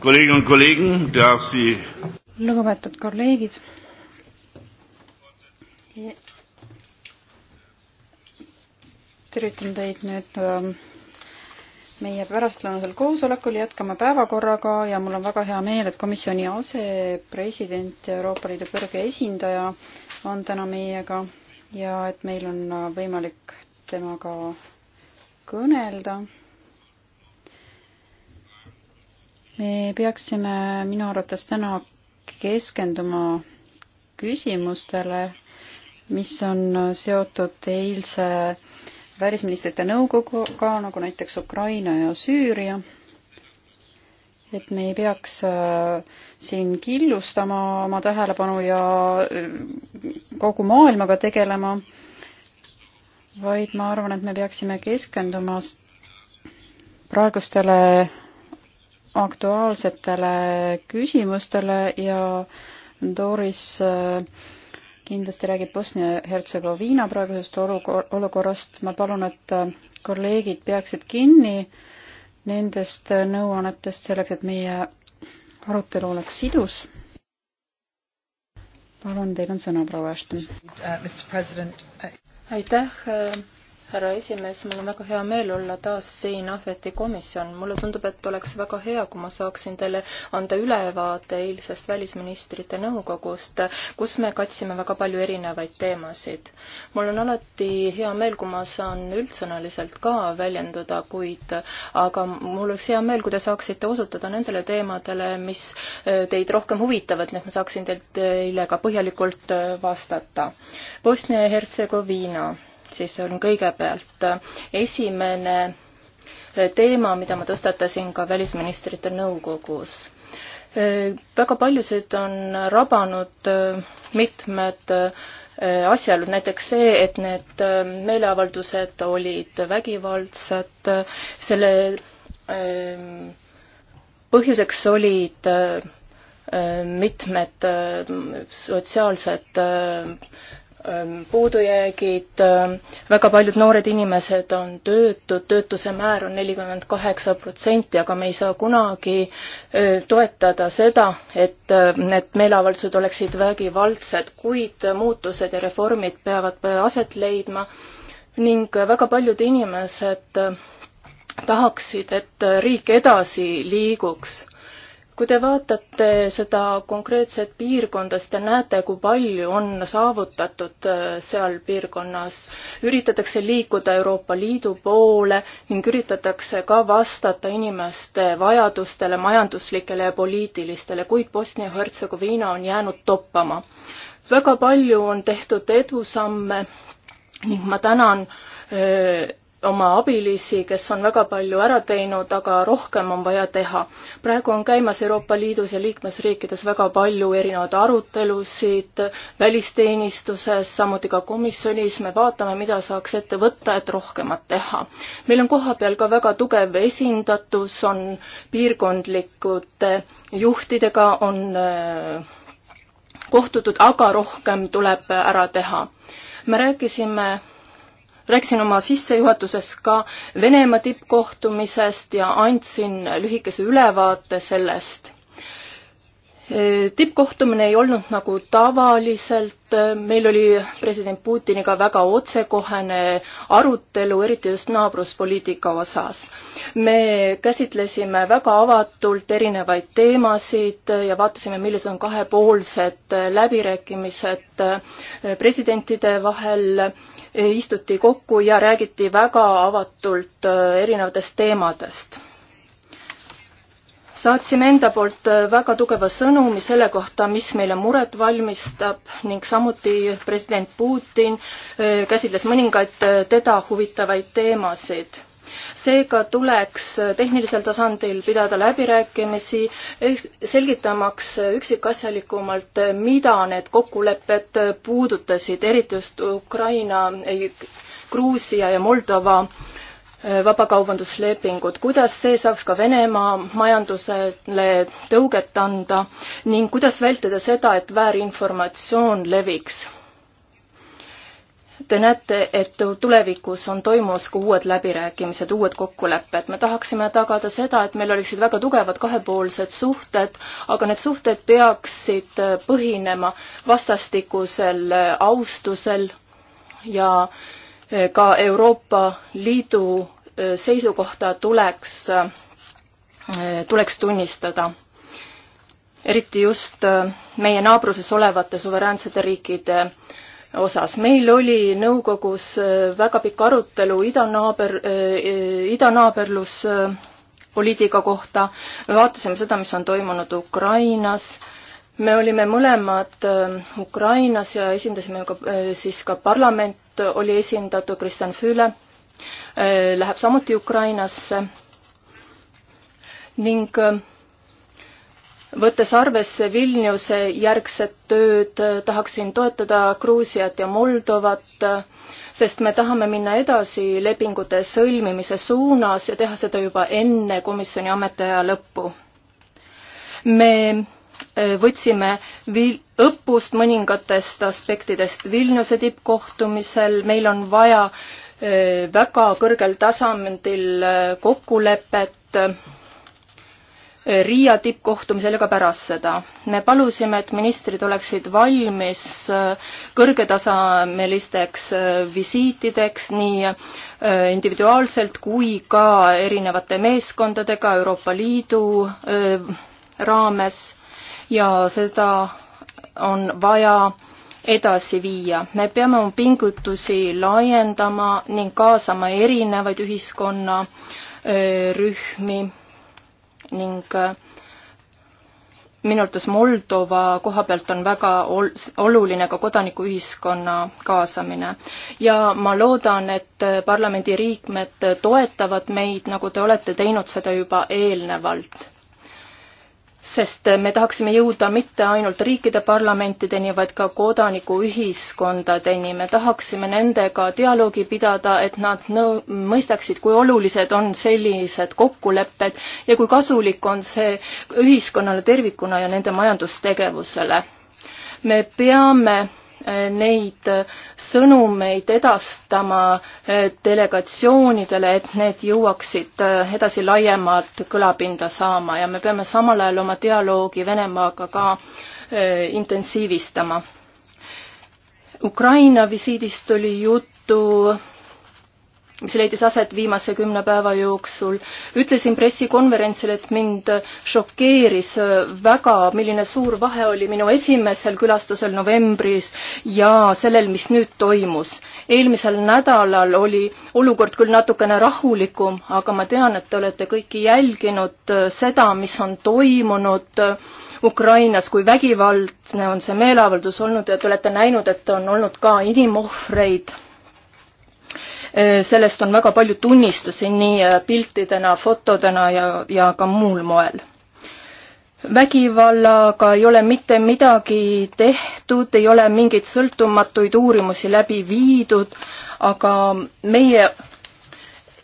Kolleginnen und Kollegen, darf Sie lugupeetud kolleegid. tervitan teid nüüd ähm, meie pärastlõunasel koosolekul, jätkame päevakorraga ja mul on väga hea meel, et komisjoni asepresident ja Euroopa Liidu kõrge esindaja on täna meiega ja et meil on võimalik temaga kõnelda me peaksime minu arvates täna keskenduma küsimustele, mis on seotud eilse välisministrite nõukoguga, nagu näiteks Ukraina ja Süüria. et me ei peaks äh, siin killustama oma tähelepanu ja äh, kogu maailmaga tegelema, vaid ma arvan, et me peaksime keskenduma praegustele aktuaalsetele küsimustele ja Doris äh, kindlasti räägib Bosnia-Hertsegoviina praegusest olukorrast. ma palun, et äh, kolleegid peaksid kinni nendest äh, nõuannetest selleks, et meie arutelu oleks sidus. palun, teil on sõna, proua Ashton. Uh, uh, aitäh härra esimees, mul on väga hea meel olla taas siin Ahveti komisjon. mulle tundub, et oleks väga hea, kui ma saaksin teile anda ülevaate eilsest välisministrite nõukogust, kus me katsime väga palju erinevaid teemasid. mul on alati hea meel, kui ma saan üldsõnaliselt ka väljenduda, kuid aga mul oleks hea meel, kui te saaksite osutada nendele teemadele, mis äh, teid rohkem huvitavad, nii et ma saaksin teilt äh, eile ka põhjalikult äh, vastata. Bosnia ja Hertsegoviina siis on kõigepealt äh, esimene äh, teema, mida ma tõstatasin ka välisministrite nõukogus äh, väga paljusid on rabanud mitmed asjaolud, näiteks see, et need meeleavaldused olid vägivaldsed, selle põhjuseks olid mitmed sotsiaalsed Ähm, puudujäägid, ähm, väga paljud noored inimesed on töötud, töötuse määr on nelikümmend kaheksa protsenti, aga me ei saa kunagi toetada seda, et ähm, need meeleavaldused oleksid vägivaldsed, kuid muutused ja reformid peavad aset leidma ning väga paljud inimesed äh, tahaksid, et riik edasi liiguks kui te vaatate seda konkreetset piirkonda, siis te näete, kui palju on saavutatud äh, seal piirkonnas. üritatakse liikuda Euroopa Liidu poole ning üritatakse ka vastata inimeste vajadustele, majanduslikele ja poliitilistele, kuid Bosnia-Hertsegoviina on jäänud toppama. väga palju on tehtud edusamme ning ma tänan öö, äh, oma abilisi, kes on väga palju ära teinud, aga rohkem on vaja teha. praegu on käimas Euroopa Liidus ja liikmesriikides väga palju erinevaid arutelusid välisteenistuses, samuti ka komisjonis, me vaatame, mida saaks ette võtta, et rohkemat teha. meil on kohapeal ka väga tugev esindatus, on piirkondlikud juhtidega, on äh, kohtutud, aga rohkem tuleb ära teha. me rääkisime rääkisin oma sissejuhatuses ka Venemaa tippkohtumisest ja andsin lühikese ülevaate sellest. E, tippkohtumine ei olnud nagu tavaliselt, meil oli president Putiniga väga otsekohene arutelu, eriti just naabruspoliitika osas. me käsitlesime väga avatult erinevaid teemasid ja vaatasime, millised on kahepoolsed läbirääkimised e, presidentide vahel istuti kokku ja räägiti väga avatult äh, erinevatest teemadest. saatsime enda poolt äh, väga tugeva sõnumi selle kohta, mis meile muret valmistab ning samuti president Putin äh, käsitles mõningaid teda huvitavaid teemasid seega tuleks tehnilisel tasandil pidada läbirääkimisi, eh, selgitamaks üksikasjalikumalt, eh, mida need kokkulepped puudutasid, eriti just Ukraina, eh, Gruusia ja Moldova vabakaubanduslepingut, kuidas see saaks ka Venemaa majandusele tõuget anda ning kuidas vältida seda, et väärinformatsioon leviks te näete, et tulevikus on toimumas ka uued läbirääkimised, uued kokkulepped. me tahaksime tagada seda, et meil oleksid väga tugevad kahepoolsed suhted, aga need suhted peaksid põhinema vastastikusel austusel ja ka Euroopa Liidu seisukohta tuleks, tuleks tunnistada eriti just meie naabruses olevate suveräänsete riikide äh, osas. meil oli nõukogus äh, väga pikk arutelu idanaaber, äh, idanaaberluspoliitika äh, kohta, me vaatasime seda, mis on toimunud Ukrainas, me olime mõlemad Ukrainas ja esindasime ka, siis ka parlament oli esindatud, Kristjan Füüle läheb samuti Ukrainasse ning võttes arvesse Vilniuse järgset tööd, tahaksin toetada Gruusiat ja Moldovat, sest me tahame minna edasi lepingute sõlmimise suunas ja teha seda juba enne komisjoni ametiaja lõppu. me e, võtsime vil-, õppust mõningatest aspektidest Vilniuse tippkohtumisel, meil on vaja e, väga kõrgel tasandil e, kokkulepet Riia tippkohtumisel ja ka pärast seda. me palusime, et ministrid oleksid valmis äh, kõrgetasemelisteks äh, visiitideks nii äh, individuaalselt kui ka erinevate meeskondadega Euroopa Liidu raames ja seda on vaja edasi viia. me peame oma pingutusi laiendama ning kaasama erinevaid ühiskonnarühmi ning äh, minu arvates Moldova koha pealt on väga ol-, oluline ka kodanikuühiskonna kaasamine. ja ma loodan, et äh, parlamendiliikmed toetavad meid, nagu te olete teinud seda juba eelnevalt sest me tahaksime jõuda mitte ainult riikide parlamentideni, vaid ka kodanikuühiskondadeni. me tahaksime nendega dialoogi pidada, et nad nõu-, mõistaksid, kui olulised on sellised kokkulepped ja kui kasulik on see ühiskonnale tervikuna ja nende majandustegevusele. me peame Äh, neid äh, sõnumeid edastama äh, delegatsioonidele, et need jõuaksid edasi laiemalt kõlapinda saama ja me peame samal ajal oma dialoogi Venemaaga ka intensiivistama. Ukraina visiidist oli juttu mis leidis aset viimase kümne päeva jooksul. ütlesin pressikonverentsil, et mind šokeeris väga, milline suur vahe oli minu esimesel külastusel novembris ja sellel, mis nüüd toimus. eelmisel nädalal oli olukord küll natukene rahulikum, aga ma tean, et te olete kõiki jälginud seda, mis on toimunud Ukrainas, kui vägivaldne on see meeleavaldus olnud ja te olete näinud, et on olnud ka inimohvreid Äh, sellest on väga palju tunnistusi nii äh, piltidena, fotodena ja, ja ka muul moel. vägivallaga ei ole mitte midagi tehtud, ei ole mingeid sõltumatuid uurimusi läbi viidud, aga meie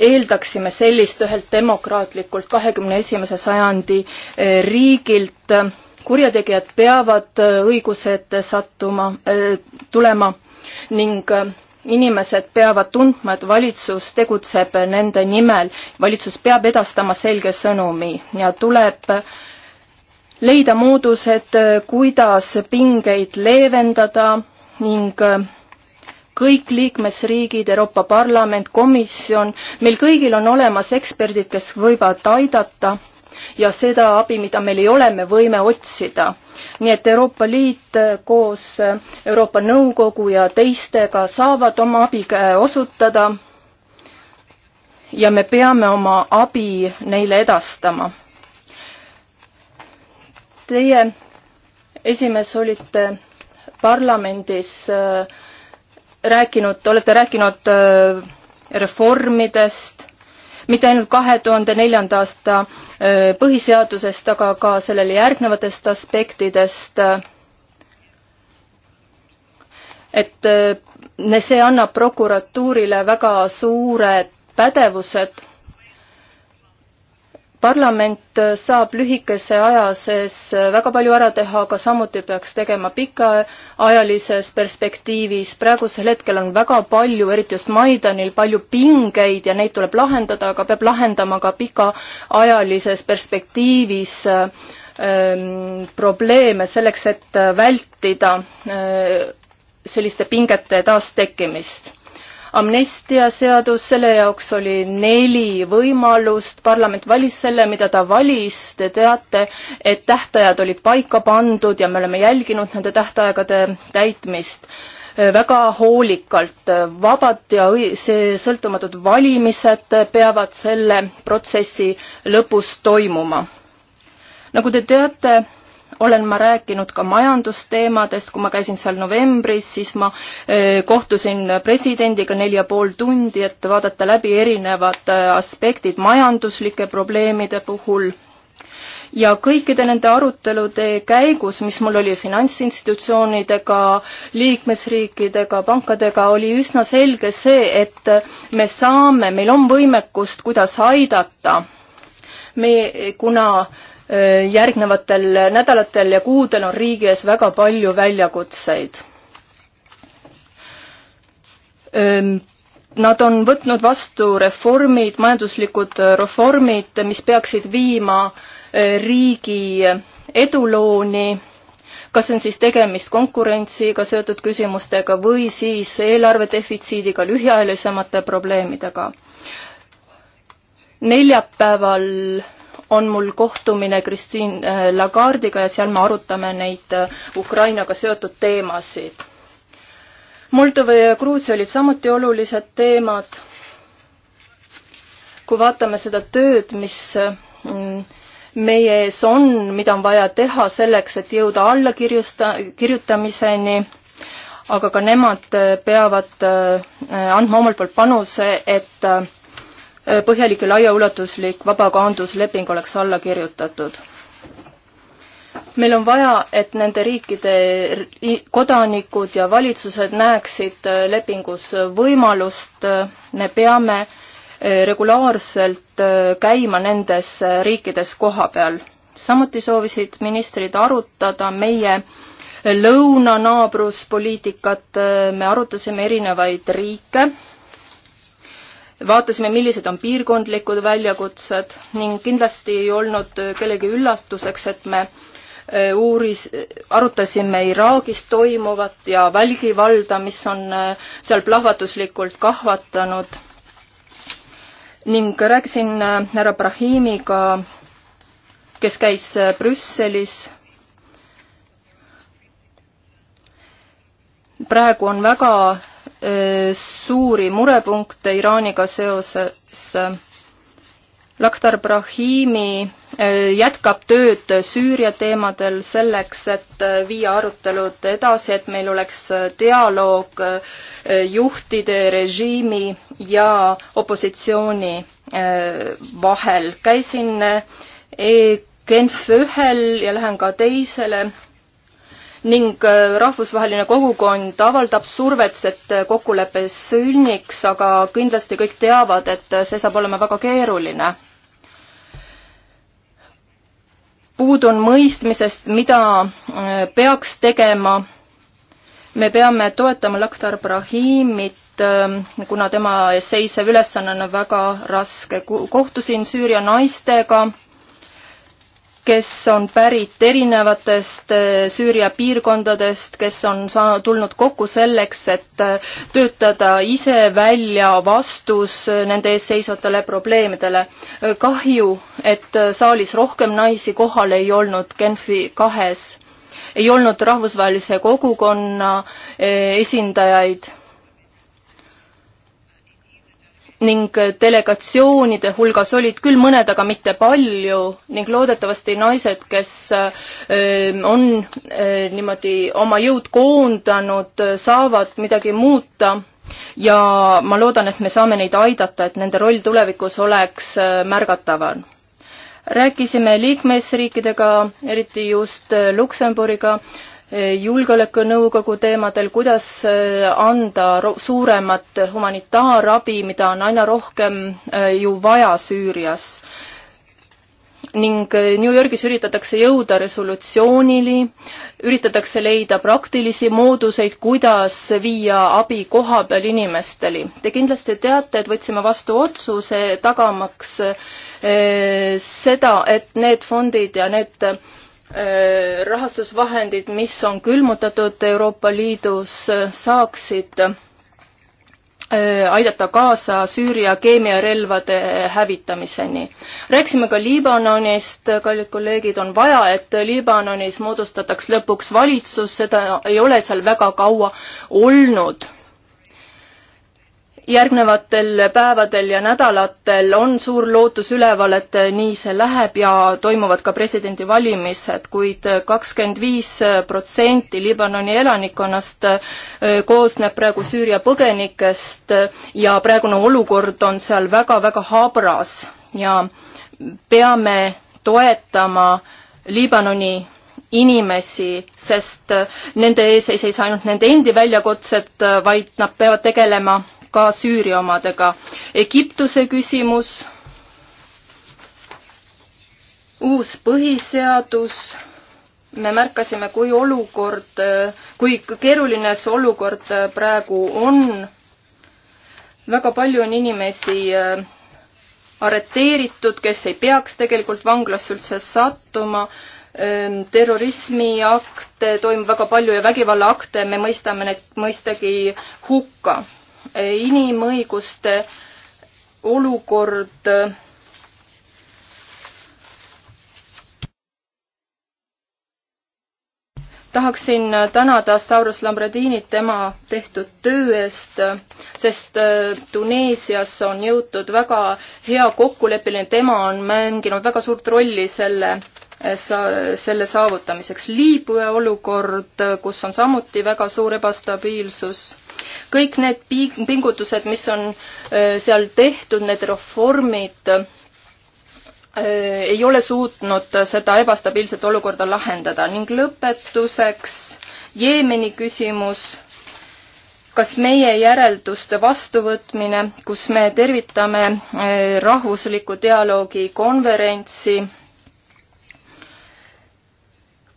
eeldaksime sellist ühelt demokraatlikult kahekümne esimese sajandi äh, riigilt, kurjategijad peavad õigused sattuma, tulema ning inimesed peavad tundma, et valitsus tegutseb nende nimel, valitsus peab edastama selge sõnumi ja tuleb leida moodused, kuidas pingeid leevendada ning kõik liikmesriigid, Euroopa Parlament, Komisjon, meil kõigil on olemas eksperdid, kes võivad aidata ja seda abi, mida meil ei ole, me võime otsida. nii et Euroopa Liit eh, koos eh, Euroopa Nõukogu ja teistega saavad oma abi eh, osutada ja me peame oma abi neile edastama. Teie esimees olite parlamendis rääkinud, olete rääkinud reformidest mitte ainult kahe tuhande neljanda aasta põhiseadusest, aga ka sellele järgnevatest aspektidest. et see annab prokuratuurile väga suured pädevused parlament saab lühikese aja sees väga palju ära teha, aga samuti peaks tegema pikaajalises perspektiivis. praegusel hetkel on väga palju, eriti just Maidanil, palju pingeid ja neid tuleb lahendada, aga peab lahendama ka pikaajalises perspektiivis ähm, probleeme selleks, et vältida äh, selliste pingete taastekkimist amnestiaseadus, selle jaoks oli neli võimalust, parlament valis selle, mida ta valis, te teate, et tähtajad olid paika pandud ja me oleme jälginud nende tähtaegade täitmist väga hoolikalt. vabad ja see sõltumatud valimised peavad selle protsessi lõpus toimuma. nagu te teate, olen ma rääkinud ka majandusteemadest, kui ma käisin seal novembris, siis ma kohtusin presidendiga neli ja pool tundi, et vaadata läbi erinevad aspektid majanduslike probleemide puhul ja kõikide nende arutelude käigus, mis mul oli finantsinstitutsioonidega, liikmesriikidega, pankadega, oli üsna selge see, et me saame, meil on võimekust, kuidas aidata. me, kuna äh, Äh, järgnevatel nädalatel ja kuudel on riigi ees väga palju väljakutseid. Nad on võtnud vastu reformid, majanduslikud reformid, mis peaksid viima riigi edulooni, kas on siis tegemist konkurentsiga seotud küsimustega või siis eelarvedefitsiidiga, lühiajalisemate probleemidega. neljapäeval on mul kohtumine Christine äh, Lagardiga ja seal me arutame neid äh, Ukrainaga seotud teemasid. Moldova ja Gruusia olid samuti olulised teemad. kui vaatame seda tööd, mis äh, meie ees on, mida on vaja teha selleks, et jõuda allakirjusta-, kirjutamiseni, aga ka nemad peavad andma omalt poolt panuse, et Äh, põhjalik ja laiaulatuslik vabakaandusleping oleks alla kirjutatud. meil on vaja, et nende riikide kodanikud ja valitsused näeksid äh, lepingus võimalust, äh, me peame regulaarselt käima nendes riikides kohapeal. samuti soovisid ministrid arutada meie lõunanaabruspoliitikat, me arutasime erinevaid riike vaatasime, millised on piirkondlikud väljakutsed ning kindlasti ei olnud kellegi üllastuseks, et me e, uuris, arutasime Iraagis toimuvat ja välgivalda, mis on e, seal plahvatuslikult kahvatanud. ning rääkisin e, härra Brahimiga, kes käis Brüsselis. praegu on väga suuri murepunkte Iraaniga seoses. Lakhdar Brahimi jätkab tööd Süüria teemadel selleks, et viia arutelud edasi, et meil oleks dialoog juhtide, režiimi ja opositsiooni vahel. käisin Genf ühel ja lähen ka teisele ning äh, rahvusvaheline kogukond avaldab survet, et äh, kokkulepe sünniks, aga kindlasti kõik teavad, et äh, see saab olema väga keeruline. puudun mõistmisest, mida peaks tegema. me peame toetama Lakhdar Brahimit, kuna tema ees seisev ülesanne on väga raske. kohtusin Süüria naistega kes on pärit erinevatest eh, Süüria piirkondadest, kes on saa-, tulnud kokku selleks, et eh, töötada ise välja vastus eh, nende ees seisvatele probleemidele. kahju, et saalis rohkem naisi kohal ei olnud Genfi kahes. ei olnud rahvusvahelise kogukonna esindajaid ning delegatsioonide hulgas olid küll mõned, aga mitte palju ning loodetavasti naised, kes ähm, on äh, niimoodi oma jõud koondanud, saavad midagi muuta ja ma loodan, et me saame neid aidata, et nende roll tulevikus oleks äh, märgatavam. rääkisime liikmesriikidega, eriti just äh, Luksemburiga julgeolekunõukogu teemadel, kuidas äh, anda suuremat humanitaarabi, mida on aina rohkem äh, ju vaja Süürias. ning äh, New Yorgis üritatakse jõuda resolutsioonini, üritatakse leida praktilisi mooduseid, kuidas viia abi kohapeal inimesteni. Te kindlasti teate, et võtsime vastu otsuse tagamaks seda, et need fondid ja need Äh, rahastusvahendid, mis on külmutatud Euroopa Liidus, saaksid äh, aidata kaasa Süüria keemiarelvade hävitamiseni. rääkisime ka Liibanonist, kallid kolleegid, on vaja, et Liibanonis moodustataks lõpuks valitsus, seda ei ole seal väga kaua olnud järgnevatel päevadel ja nädalatel on suur lootus üleval, et nii see läheb ja toimuvad ka presidendivalimised kuid, kuid kakskümmend viis protsenti Liibanoni elanikkonnast koosneb praegu Süüria põgenikest ja praegune olukord on seal väga-väga habras ja peame toetama Liibanoni inimesi, sest nende ees ei seisa ainult nende endi väljakutsed, vaid nad peavad tegelema ka Süüria omadega. Egiptuse küsimus, uus põhiseadus, me märkasime, kui olukord, kui keeruline see olukord praegu on. väga palju on inimesi äh, arreteeritud, kes ei peaks tegelikult vanglasse üldse sattuma ähm, terrorismiakte toimub väga palju ja vägivallaakte, me mõistame need mõistagi hukka inimõiguste olukord tahaksin tänada Stavros Lambradinit tema tehtud töö eest, sest äh, Tuneesias on jõutud väga hea kokkuleppeni, tema on mänginud väga suurt rolli selle äh, selle saavutamiseks. Liibüa olukord, kus on samuti väga suur ebastabiilsus kõik need pingutused, mis on äh, seal tehtud, need reformid, äh, ei ole suutnud seda ebastabiilset olukorda lahendada ning lõpetuseks Jeemeni küsimus, kas meie järelduste vastuvõtmine, kus me tervitame äh, rahvusliku dialoogi konverentsi,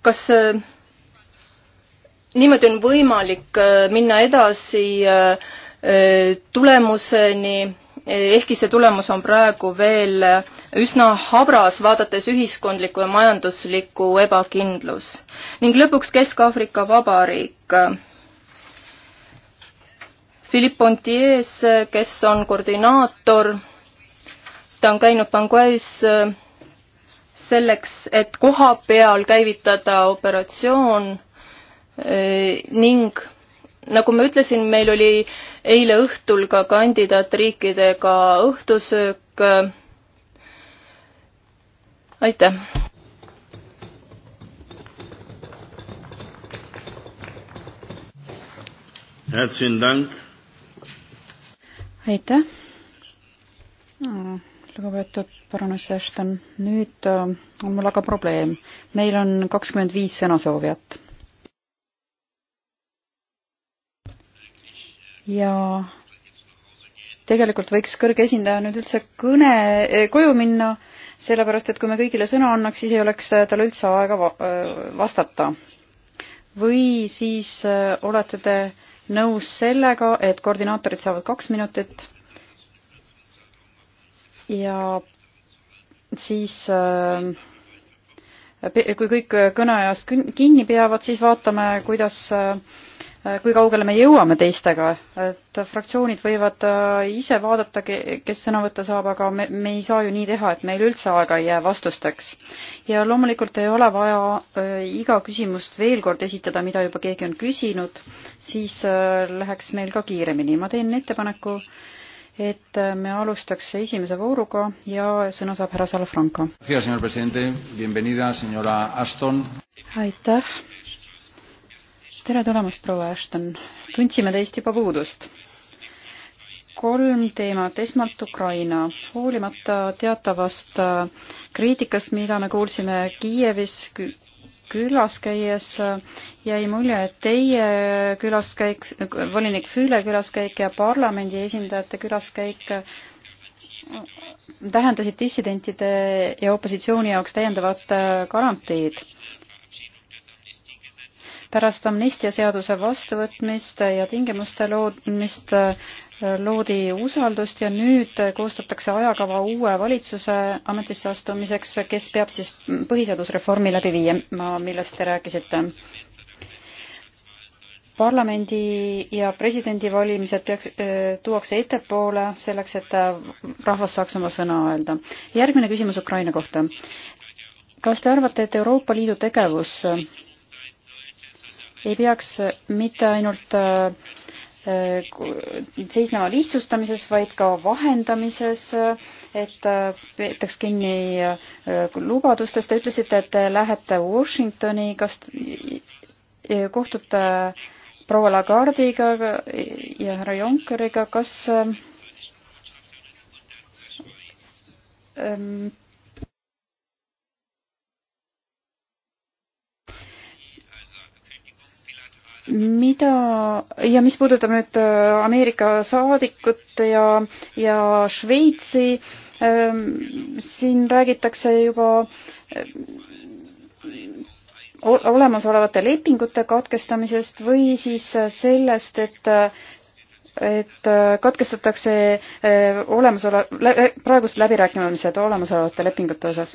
kas niimoodi on võimalik äh, minna edasi äh, äh, tulemuseni, ehkki see tulemus on praegu veel üsna habras, vaadates ühiskondlikku ja majanduslikku ebakindlus. ning lõpuks Kesk-Aafrika Vabariik. Philippe Pontiers, kes on koordinaator, ta on käinud Bangue's selleks, et koha peal käivitada operatsioon Äh, ning nagu ma ütlesin, meil oli eile õhtul ka kandidaatriikidega õhtusöök. aitäh! aitäh, lugupeetud baroness Ashton. nüüd äh, on mul aga probleem. meil on kakskümmend viis sõnasoovijat ja tegelikult võiks kõrge esindaja nüüd üldse kõne, eh, koju minna, sellepärast et kui me kõigile sõna annaks, siis ei oleks eh, tal üldse aega eh, vastata. või siis olete te nõus sellega, et koordinaatorid saavad kaks minutit ja siis kui kõik kõneajast kinni peavad, siis vaatame, kuidas Äh, kui kaugele me jõuame teistega, et fraktsioonid võivad äh, ise vaadata, kes sõna võtta saab, aga me, me ei saa ju nii teha, et meil üldse aega ei jää vastusteks. ja loomulikult ei ole vaja äh, iga küsimust veel kord esitada, mida juba keegi on küsinud, siis läheks meil ka kiiremini. ma teen ettepaneku, et me alustaks esimese vooruga ja sõna saab härra Salafranco. aitäh tere tulemast, proua Ashton. tundsime teist juba puudust. kolm teemat, esmalt Ukraina. hoolimata teatavast äh, kriitikast, mida me kuulsime Kiievis külas käies, äh, jäi mulje, et teie külaskäik, volinik Füüle külaskäik ja parlamendi esindajate külaskäik äh, tähendasid dissidentide ja opositsiooni jaoks täiendavat garantiid pärast amnistia seaduse vastuvõtmist ja tingimuste loomist äh, loodi usaldust ja nüüd koostatakse ajakava uue valitsuse ametisse astumiseks, kes peab siis põhiseadusreformi läbi viima, millest te rääkisite parlamendi ja presidendi valimised peaks, äh, tuuakse ettepoole selleks, et äh, rahvas saaks oma sõna öelda. järgmine küsimus Ukraina kohta. kas te arvate, et Euroopa Liidu tegevus ei peaks mitte ainult äh, äh, seisnema lihtsustamises, vaid ka vahendamises, et äh, peetaks kinni lubadustest. Te ütlesite, et te lähete Washingtoni, kas kohtute proua Lagardiga ja härra Junckeriga, kas ähm, mida ja mis puudutab nüüd äh, Ameerika saadikut ja, ja Šveitsi, ähm, siin räägitakse juba äh, olemasolevate lepingute katkestamisest või siis äh, sellest, et et katkestatakse olemasolev, praegused läbirääkimised olemasolevate lepingute osas.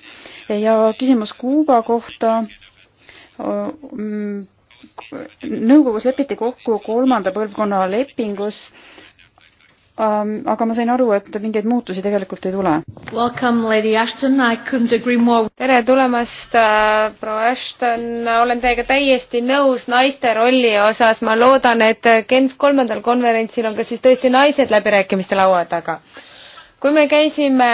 ja küsimus Kuuba kohta mm, nõukogus lepiti kokku kolmanda põlvkonna lepingus, ähm, aga ma sain aru, et mingeid muutusi tegelikult ei tule. tere tulemast, äh, proua Ashton, olen teiega täiesti nõus naiste rolli osas, ma loodan, et Genf kolmandal konverentsil on ka siis tõesti naised läbirääkimiste laua taga kui me käisime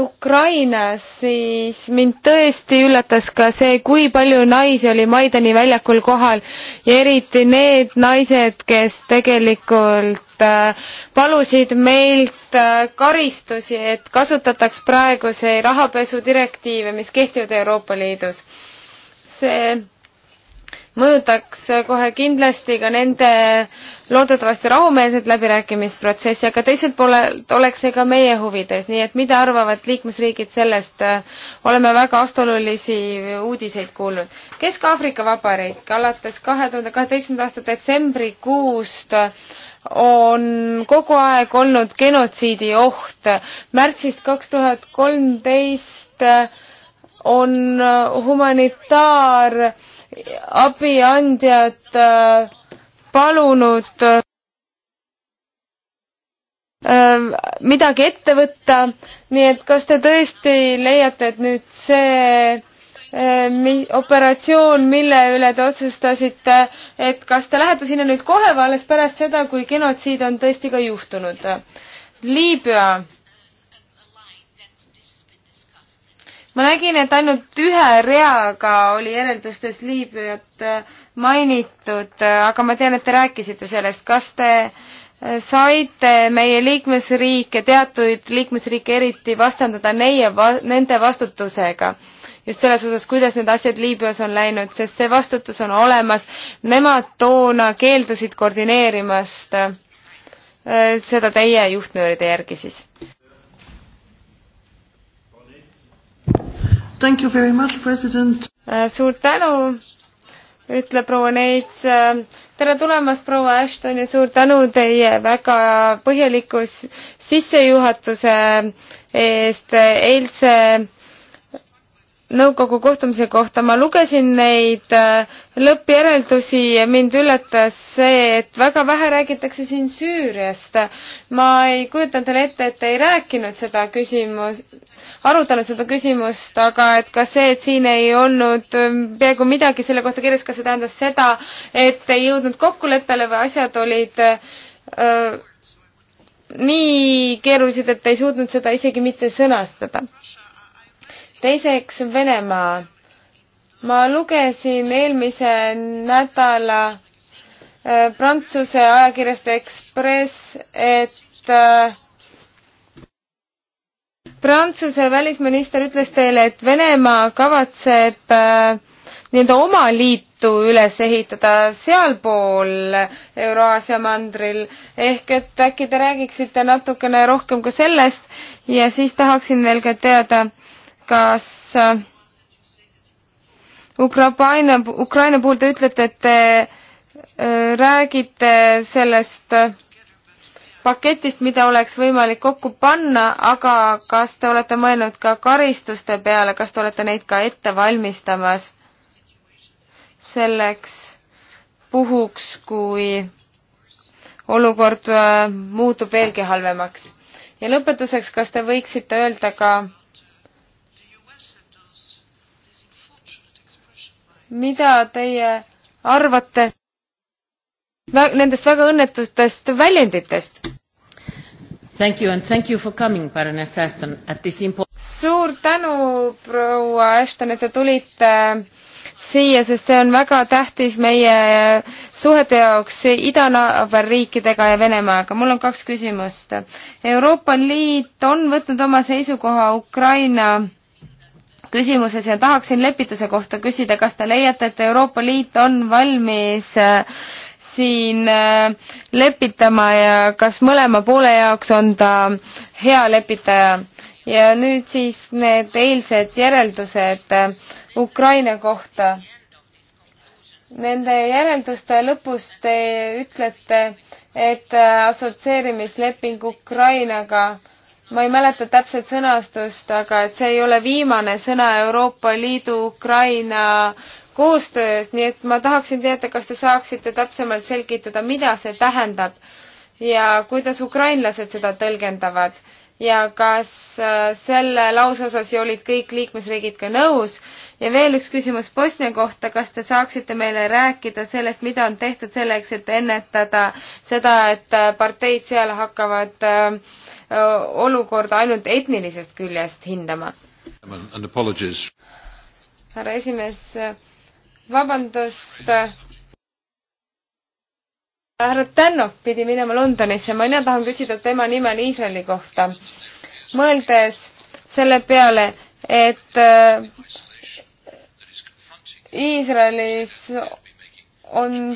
Ukrainas, siis mind tõesti üllatas ka see, kui palju naisi oli Maidani väljakul kohal ja eriti need naised, kes tegelikult äh, palusid meilt äh, karistusi, et kasutataks praeguseid rahapesudirektiive, mis kehtivad Euroopa Liidus. see mõjutaks kohe kindlasti ka nende loodetavasti rahumeelset läbirääkimisprotsessi, aga teiselt poolelt oleks see ka meie huvides, nii et mida arvavad liikmesriigid sellest, oleme väga vastuolulisi uudiseid kuulnud. Kesk-Aafrika Vabariik alates kahe tuhande kaheteistkümnenda aasta detsembrikuust on kogu aeg olnud genotsiidi oht. märtsist kaks tuhat kolmteist on humanitaar abiandjat äh, palunud äh, midagi ette võtta, nii et kas te tõesti leiate, et nüüd see äh, operatsioon, mille üle te otsustasite, et kas te lähete sinna nüüd kohe või alles pärast seda, kui genotsiid on tõesti ka juhtunud? Liibüa ma nägin, et ainult ühe reaga oli järeldustes Liibüat äh, mainitud, äh, aga ma tean, et te rääkisite sellest, kas te äh, saite meie liikmesriike, teatuid liikmesriike eriti vastandada neie, nende vastutusega just selles osas, kuidas need asjad Liibüas on läinud, sest see vastutus on olemas. Nemad toona keeldusid koordineerimast seda teie juhtnööride järgi siis? Thank you very much, president. Äh, suur tänu, ütleb proua Neits. Äh, tere tulemast, proua Ashton ja suur tänu teie väga põhjalikus sissejuhatuse eest eilse nõukogu kohtumise kohta, ma lugesin neid äh, lõppjäreldusi ja mind üllatas see, et väga vähe räägitakse siin Süüriast. ma ei kujutanud teile ette, et ei rääkinud seda küsimust, arutanud seda küsimust, aga et ka see, et siin ei olnud ähm, peaaegu midagi selle kohta kirjas, kas see tähendas seda, et ei jõudnud kokkuleppele või asjad olid öö, äh, nii keerulised, et ei suutnud seda isegi mitte sõnastada teiseks Venemaa. ma lugesin eelmise nädala äh, Prantsuse ajakirjast Ekspress, et äh, Prantsuse välisminister ütles teile, et Venemaa kavatseb äh, nii-öelda oma liitu üles ehitada sealpool Euraasia mandril, ehk et äkki te räägiksite natukene rohkem ka sellest ja siis tahaksin veel ka teada, kas äh, Ukraina, Ukraina puhul te ütlete, et te äh, räägite sellest äh, paketist, mida oleks võimalik kokku panna, aga kas te olete mõelnud ka karistuste peale, kas te olete neid ka ette valmistamas selleks puhuks, kui olukord muutub veelgi halvemaks? ja lõpetuseks, kas te võiksite öelda ka mida teie arvate nendest väga õnnetutest väljenditest? Thank you and thank you for coming, Baroness Ashton, at this important suur tänu, proua Ashton, et te tulite äh, siia, sest see on väga tähtis meie äh, suhete jaoks idanaaberriikidega ja Venemaaga. mul on kaks küsimust. Euroopa Liit on võtnud oma seisukoha Ukraina küsimuses ja tahaksin lepituse kohta küsida, kas te leiate, et Euroopa Liit on valmis äh, siin äh, lepitama ja kas mõlema poole jaoks on ta hea lepitaja? ja nüüd siis need eilsed järeldused äh, Ukraina kohta. Nende järelduste lõpus te ütlete, et assotsieerimisleping Ukrainaga äh, ma ei mäleta täpset sõnastust, aga et see ei ole viimane sõna Euroopa Liidu Ukraina koostöös, nii et ma tahaksin teada, kas te saaksite täpsemalt selgitada, mida see tähendab ja kuidas ukrainlased seda tõlgendavad ja kas äh, selle lause osas ju olid kõik liikmesriigid ka nõus. ja veel üks küsimus Bosnia kohta, kas te saaksite meile rääkida sellest, mida on tehtud selleks, et ennetada seda, et äh, parteid seal hakkavad äh, Äh, olukorda ainult etnilisest küljest hindama. härra esimees, vabandust. härra Tännok pidi minema Londonisse, ma mina tahan küsida tema nimel Iisraeli kohta. mõeldes selle peale, et äh, Iisraelis on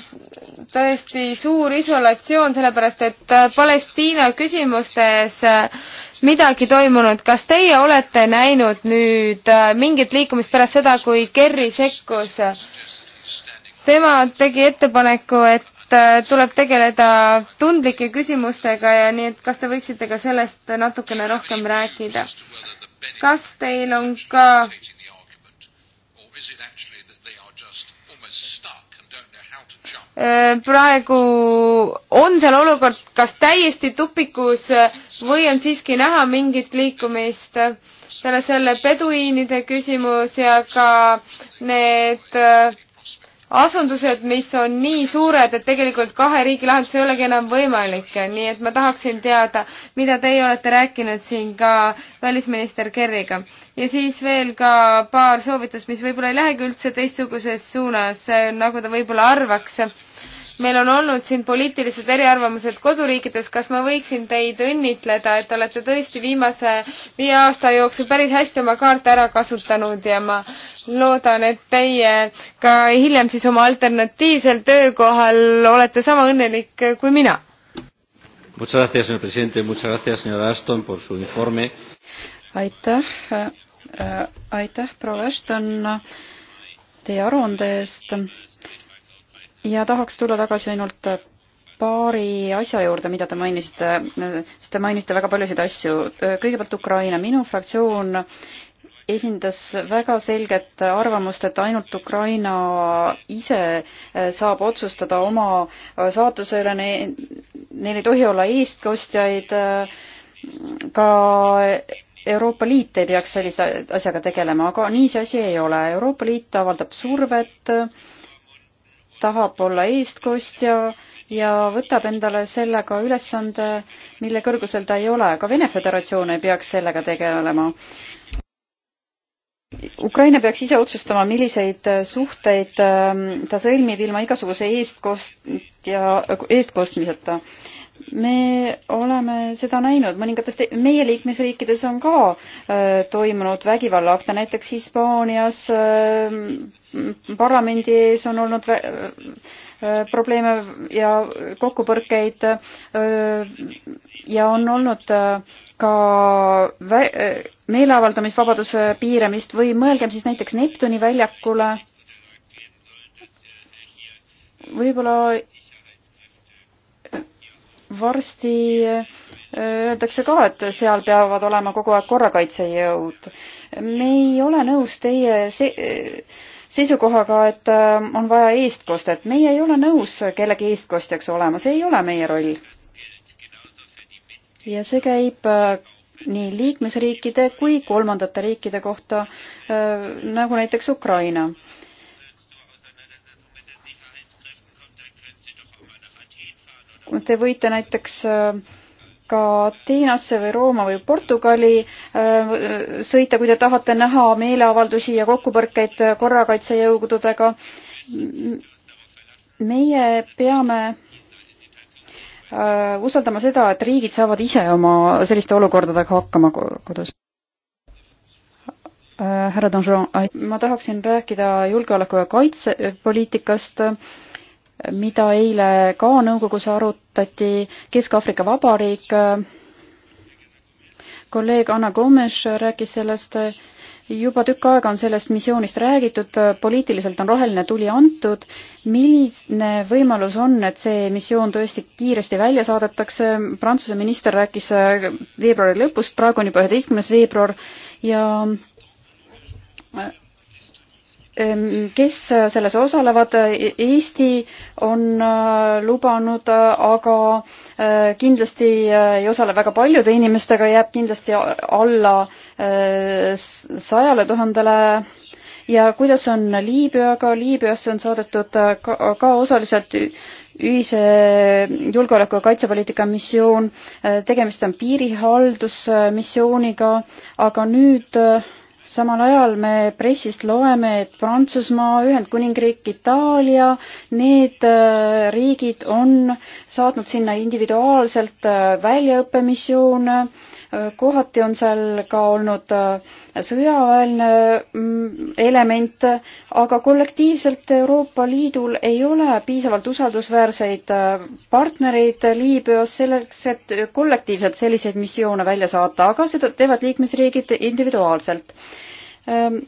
tõesti suur isolatsioon, sellepärast et äh, Palestiina küsimustes äh, midagi toimunud. kas teie olete näinud nüüd äh, mingit liikumist pärast seda, kui Kerry sekkus? tema tegi ettepaneku, et tuleb tegeleda tundlike küsimustega ja nii, et kas te võiksite ka sellest natukene rohkem rääkida? kas teil on ka Äh, praegu on seal olukord kas täiesti tupikus või on siiski näha mingit liikumist? peale selle peduiinide küsimus ja ka need äh, asundused, mis on nii suured, et tegelikult kahe riigi lahendus ei olegi enam võimalik, nii et ma tahaksin teada, mida teie olete rääkinud siin ka välisminister Kerriga. ja siis veel ka paar soovitust, mis võib-olla ei lähegi üldse teistsuguses suunas, nagu ta võib-olla arvaks meil on olnud siin poliitilised eriarvamused koduriikides, kas ma võiksin teid õnnitleda, et olete tõesti viimase viie aasta jooksul päris hästi oma kaarte ära kasutanud ja ma loodan, et teie ka hiljem siis oma alternatiivsel töökohal olete sama õnnelik kui mina. aitäh, äh, aitäh, proua Ashton, teie aruande eest ja tahaks tulla tagasi ainult paari asja juurde, mida te mainisite, sest te mainisite väga paljusid asju. kõigepealt Ukraina. minu fraktsioon esindas väga selget arvamust, et ainult Ukraina ise saab otsustada oma saatuse üle, neil ei tohi olla eestkostjaid, ka Euroopa Liit ei peaks sellise asjaga tegelema, aga nii see asi ei ole. Euroopa Liit avaldab survet äh, tahab olla eestkostja ja võtab endale sellega ülesande, mille kõrgusel ta ei ole. ka Vene Föderatsioon ei peaks sellega tegelema. Ukraina peaks ise otsustama, milliseid suhteid ähm, ta sõlmib ilma igasuguse eestkost- ja eestkostmiseta me oleme seda näinud, mõningates meie liikmesriikides on ka äh, toimunud vägivallaakte, näiteks Hispaanias äh, parlamendi ees on olnud äh, probleeme ja kokkupõrkeid äh, ja on olnud äh, ka äh, meeleavaldamisvabaduse piiramist või mõelgem siis näiteks Neptuni väljakule. võib-olla varsti äh, öeldakse ka, et seal peavad olema kogu aeg korrakaitsejõud. me ei ole nõus teie se seisukohaga, et äh, on vaja eestkostet. meie ei ole nõus kellegi eestkostjaks olema, see ei ole meie roll. ja see käib äh, nii liikmesriikide kui kolmandate riikide kohta, nagu näiteks Ukraina Te võite näiteks äh, ka Ateenasse või Rooma või Portugali äh, sõita, kui te tahate näha meeleavaldusi ja kokkupõrkeid korrakaitsejõududega. meie peame äh, usaldama seda, et riigid saavad ise oma selliste olukordadega hakkama kodus. härra Donjon, ma tahaksin rääkida julgeoleku ja kaitsepoliitikast äh, mida eile ka nõukogus arutati, Kesk-Aafrika Vabariik. kolleeg Anna Gomes rääkis sellest, juba tükk aega on sellest missioonist räägitud, poliitiliselt on roheline tuli antud. milline võimalus on, et see missioon tõesti kiiresti välja saadetakse? Prantsuse minister rääkis äh, veebruari lõpust, praegu on juba üheteistkümnes veebruar ja äh, Ehm, kes selles osalevad, Eesti on äh, lubanud, äh, aga äh, kindlasti ei osale väga paljude inimestega, jääb kindlasti alla sajale tuhandele ja kuidas on Liibüaga, Liibüasse on saadetud ka, ka osaliselt ühise julgeoleku- ja kaitsepoliitika missioon, tegemist on piirihaldusmissiooniga, aga nüüd äh, samal ajal me pressist loeme, et Prantsusmaa, Ühendkuningriik, Itaalia, need äh, riigid on saatnud sinna individuaalselt äh, väljaõppemissioone kohati on seal ka olnud äh, sõjaväeline mm, element, aga kollektiivselt Euroopa Liidul ei ole piisavalt usaldusväärseid äh, partnereid Liibüas selleks, et kollektiivselt selliseid missioone välja saata, aga seda teevad liikmesriigid individuaalselt ähm,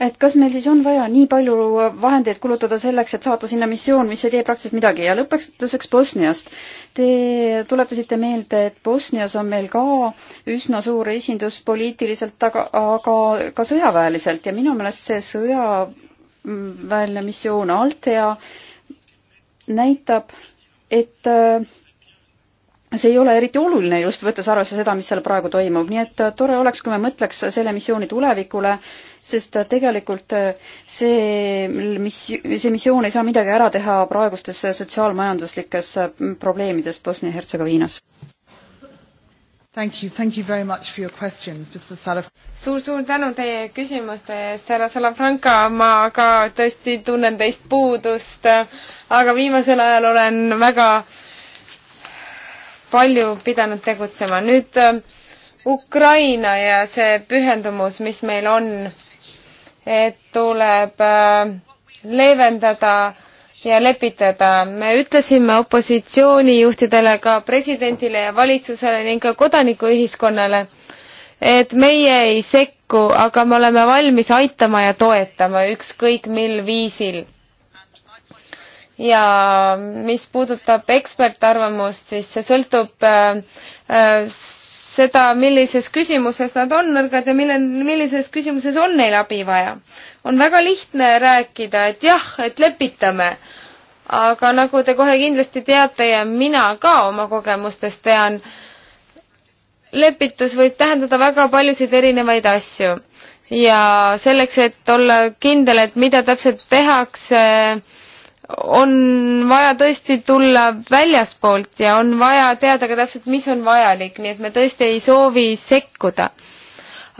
et kas meil siis on vaja nii palju vahendeid kulutada selleks, et saata sinna missioon, mis ei tee praktiliselt midagi ja lõpetuseks Bosniast. Te tuletasite meelde, et Bosnias on meil ka üsna suur esindus poliitiliselt, aga, aga ka sõjaväeliselt ja minu meelest see sõjaväeline missioon Altea näitab, et äh, see ei ole eriti oluline just võttes arvesse seda, mis seal praegu toimub, nii et äh, tore oleks, kui me mõtleks selle missiooni tulevikule äh, sest äh, tegelikult äh, see, mis, see missioon ei saa midagi ära teha praegustes äh, sotsiaalmajanduslikes probleemides Bosnia-Hertsegoviinas. Thank you, thank you very much for your questions, Mr Salaf. suur-suur tänu teie küsimuste eest, härra Salafranca, ma ka tõesti tunnen teist puudust, aga viimasel ajal olen väga palju pidanud tegutsema. nüüd Ukraina ja see pühendumus, mis meil on et tuleb äh, leevendada ja lepitada. me ütlesime opositsioonijuhtidele, ka presidendile ja valitsusele ning ka kodanikuühiskonnale, et meie ei sekku, aga me oleme valmis aitama ja toetama ükskõik mil viisil. ja mis puudutab ekspertarvamust, siis see sõltub äh, äh, seda, millises küsimuses nad on nõrgad ja mille, millises küsimuses on neil abi vaja. on väga lihtne rääkida, et jah, et lepitame. aga nagu te kohe kindlasti teate ja mina ka oma kogemustest tean, lepitus võib tähendada väga paljusid erinevaid asju ja selleks, et olla kindel, et mida täpselt tehakse äh,, on vaja tõesti tulla väljaspoolt ja on vaja teada ka täpselt, mis on vajalik, nii et me tõesti ei soovi sekkuda.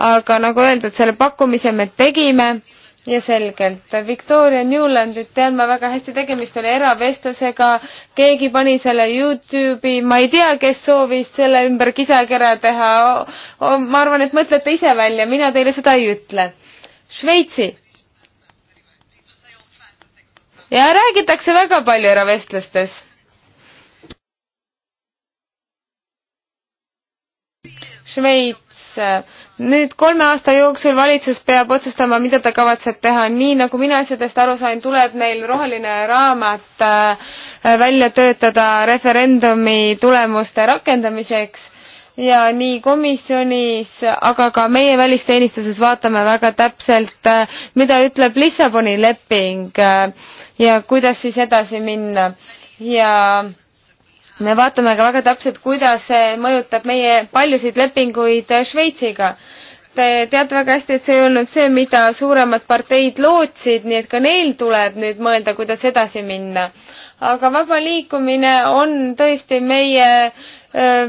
aga nagu öeldud, selle pakkumise me tegime ja selgelt. Victoria Newlandit tean ma väga hästi, tegemist oli eravestlusega, keegi pani selle Youtube'i, ma ei tea, kes soovis selle ümber kisakera teha. ma arvan, et mõtlete ise välja, mina teile seda ei ütle. Šveitsi ja räägitakse väga palju eravestlustes. Šveits, nüüd kolme aasta jooksul valitsus peab otsustama, mida ta kavatseb teha, nii nagu mina asjadest aru sain, tuleb neil roheline raamat äh, välja töötada referendumi tulemuste rakendamiseks ja nii komisjonis, aga ka meie välisteenistuses vaatame väga täpselt, äh, mida ütleb Lissaboni leping äh, ja kuidas siis edasi minna ja me vaatame ka väga täpselt, kuidas see mõjutab meie paljusid lepinguid äh, Šveitsiga. Te teate väga hästi, et see ei olnud see, mida suuremad parteid lootsid, nii et ka neil tuleb nüüd mõelda, kuidas edasi minna aga vaba liikumine on tõesti meie Äh,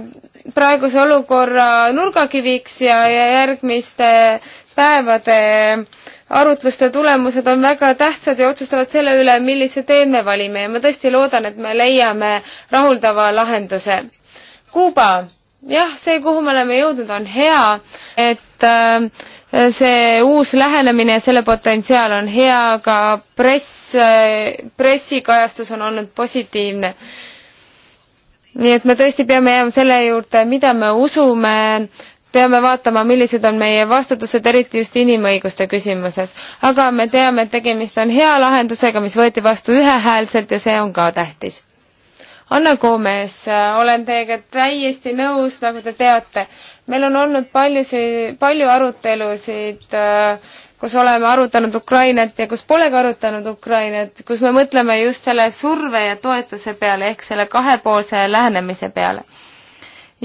praeguse olukorra nurgakiviks ja, ja järgmiste päevade arutluste tulemused on väga tähtsad ja otsustavad selle üle, millise tee me valime ja ma tõesti loodan, et me leiame rahuldava lahenduse. Kuuba, jah, see, kuhu me oleme jõudnud, on hea, et äh, see uus lähenemine ja selle potentsiaal on hea, ka press, äh, pressikajastus on olnud positiivne nii et me tõesti peame jääma selle juurde, mida me usume, peame vaatama, millised on meie vastutused, eriti just inimõiguste küsimuses. aga me teame, et tegemist on hea lahendusega, mis võeti vastu ühehäälselt ja see on ka tähtis. Anna Gomes, olen teiega täiesti nõus, nagu te teate, meil on olnud paljusid, palju arutelusid äh, kus oleme arutanud Ukrainat ja kus polegi arutanud Ukrainat, kus me mõtleme just selle surve ja toetuse peale ehk selle kahepoolse lähenemise peale.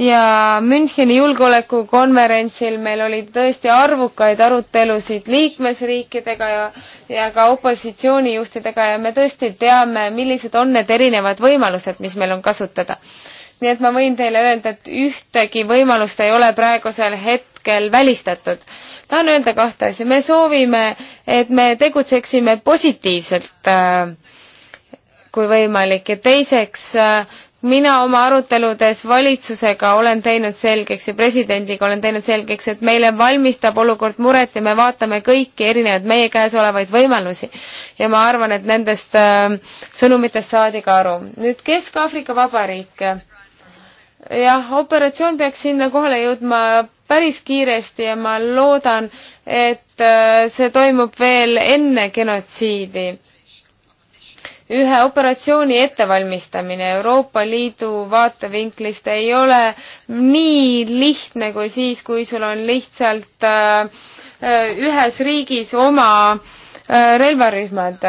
ja Müncheni julgeolekukonverentsil meil oli tõesti arvukaid arutelusid liikmesriikidega ja, ja ka opositsioonijuhtidega ja me tõesti teame, millised on need erinevad võimalused, mis meil on kasutada nii et ma võin teile öelda, et ühtegi võimalust ei ole praegusel hetkel välistatud tahan öelda kahte asja, me soovime, et me tegutseksime positiivselt äh, kui võimalik ja teiseks äh, mina oma aruteludes valitsusega olen teinud selgeks ja presidendiga olen teinud selgeks, et meile valmistab olukord muret ja me vaatame kõiki erinevaid meie käes olevaid võimalusi. ja ma arvan, et nendest äh, sõnumitest saadi ka aru. nüüd Kesk-Aafrika Vabariik jah, operatsioon peaks sinna kohale jõudma päris kiiresti ja ma loodan, et äh, see toimub veel enne genotsiidi. ühe operatsiooni ettevalmistamine Euroopa Liidu vaatevinklist ei ole nii lihtne kui siis, kui sul on lihtsalt äh, äh, ühes riigis oma relvarühmad.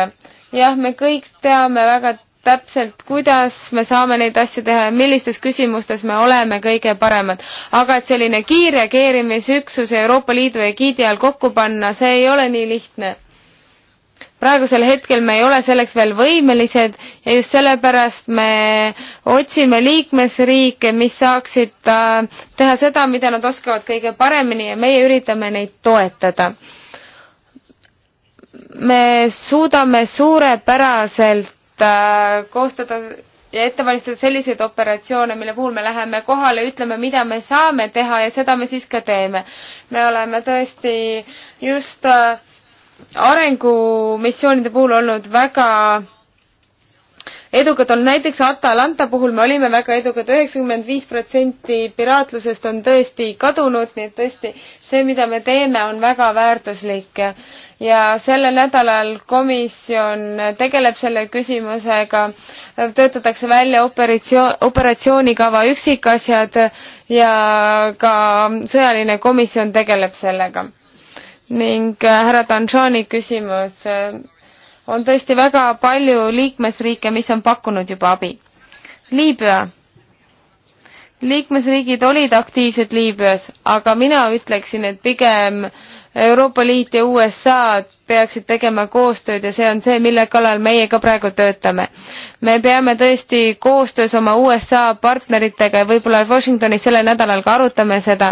jah, me kõik teame väga täpselt, kuidas me saame neid asju teha ja millistes küsimustes me oleme kõige paremad. aga et selline kiirreageerimisüksus Euroopa Liidu egiidi all kokku panna, see ei ole nii lihtne. praegusel hetkel me ei ole selleks veel võimelised ja just sellepärast me otsime liikmesriike, mis saaksid äh, teha seda, mida nad oskavad kõige paremini ja meie üritame neid toetada me suudame suurepäraselt Äh, koostada ja ette valmistada selliseid operatsioone, mille puhul me läheme kohale, ütleme, mida me saame teha ja seda me siis ka teeme. me oleme tõesti just äh, arengumissioonide puhul olnud väga edukad olnud, näiteks Atalanta puhul me olime väga edukad, üheksakümmend viis protsenti piraatlusest on tõesti kadunud, nii et tõesti see, mida me teeme, on väga väärtuslik ja sellel nädalal komisjon tegeleb selle küsimusega, töötatakse välja operatsioon, operatsioonikava üksikasjad ja ka sõjaline komisjon tegeleb sellega. ning äh, härra Danšani küsimus, äh, on tõesti väga palju liikmesriike, mis on pakkunud juba abi. Liibüa liikmesriigid olid aktiivsed Liibüas, aga mina ütleksin, et pigem Euroopa Liit ja USA peaksid tegema koostööd ja see on see, mille kallal meie ka praegu töötame. me peame tõesti koostöös oma USA partneritega ja võib-olla Washingtonis sellel nädalal ka arutame seda,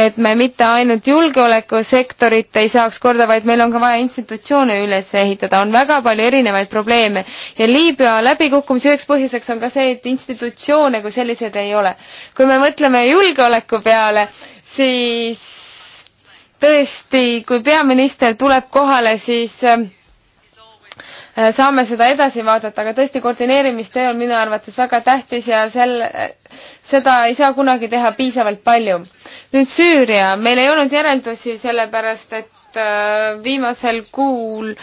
et me mitte ainult julgeolekusektorit ei saaks korda, vaid meil on ka vaja institutsioone üles ehitada, on väga palju erinevaid probleeme ja Liibüa läbikukkumise üheks põhjuseks on ka see, et institutsioone kui selliseid ei ole. kui me mõtleme julgeoleku peale, siis tõesti, kui peaminister tuleb kohale, siis äh, äh, saame seda edasi vaadata, aga tõesti, koordineerimistöö on minu arvates väga tähtis ja sel, äh, seda ei saa kunagi teha piisavalt palju. nüüd Süüria, meil ei olnud järeldusi, sellepärast et viimasel kuul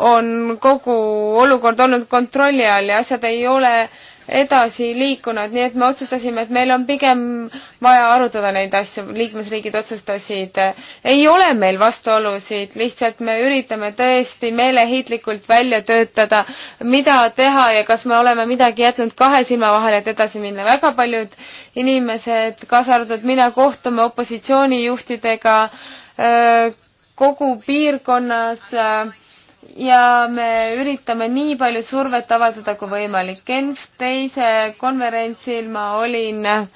on kogu olukord olnud kontrolli all ja asjad ei ole äh, edasi liikunud, nii et me otsustasime, et meil on pigem vaja arutada neid asju, liikmesriigid otsustasid, ei ole meil vastuolusid, lihtsalt me üritame tõesti meeleheitlikult välja töötada, mida teha ja kas me oleme midagi jätnud kahe silma vahele, et edasi minna. väga paljud inimesed, kaasa arvatud mina, kohtume opositsioonijuhtidega kogu piirkonnas äh, ja me üritame nii palju survet avaldada kui võimalik. Genf teise konverentsil ma olin äh,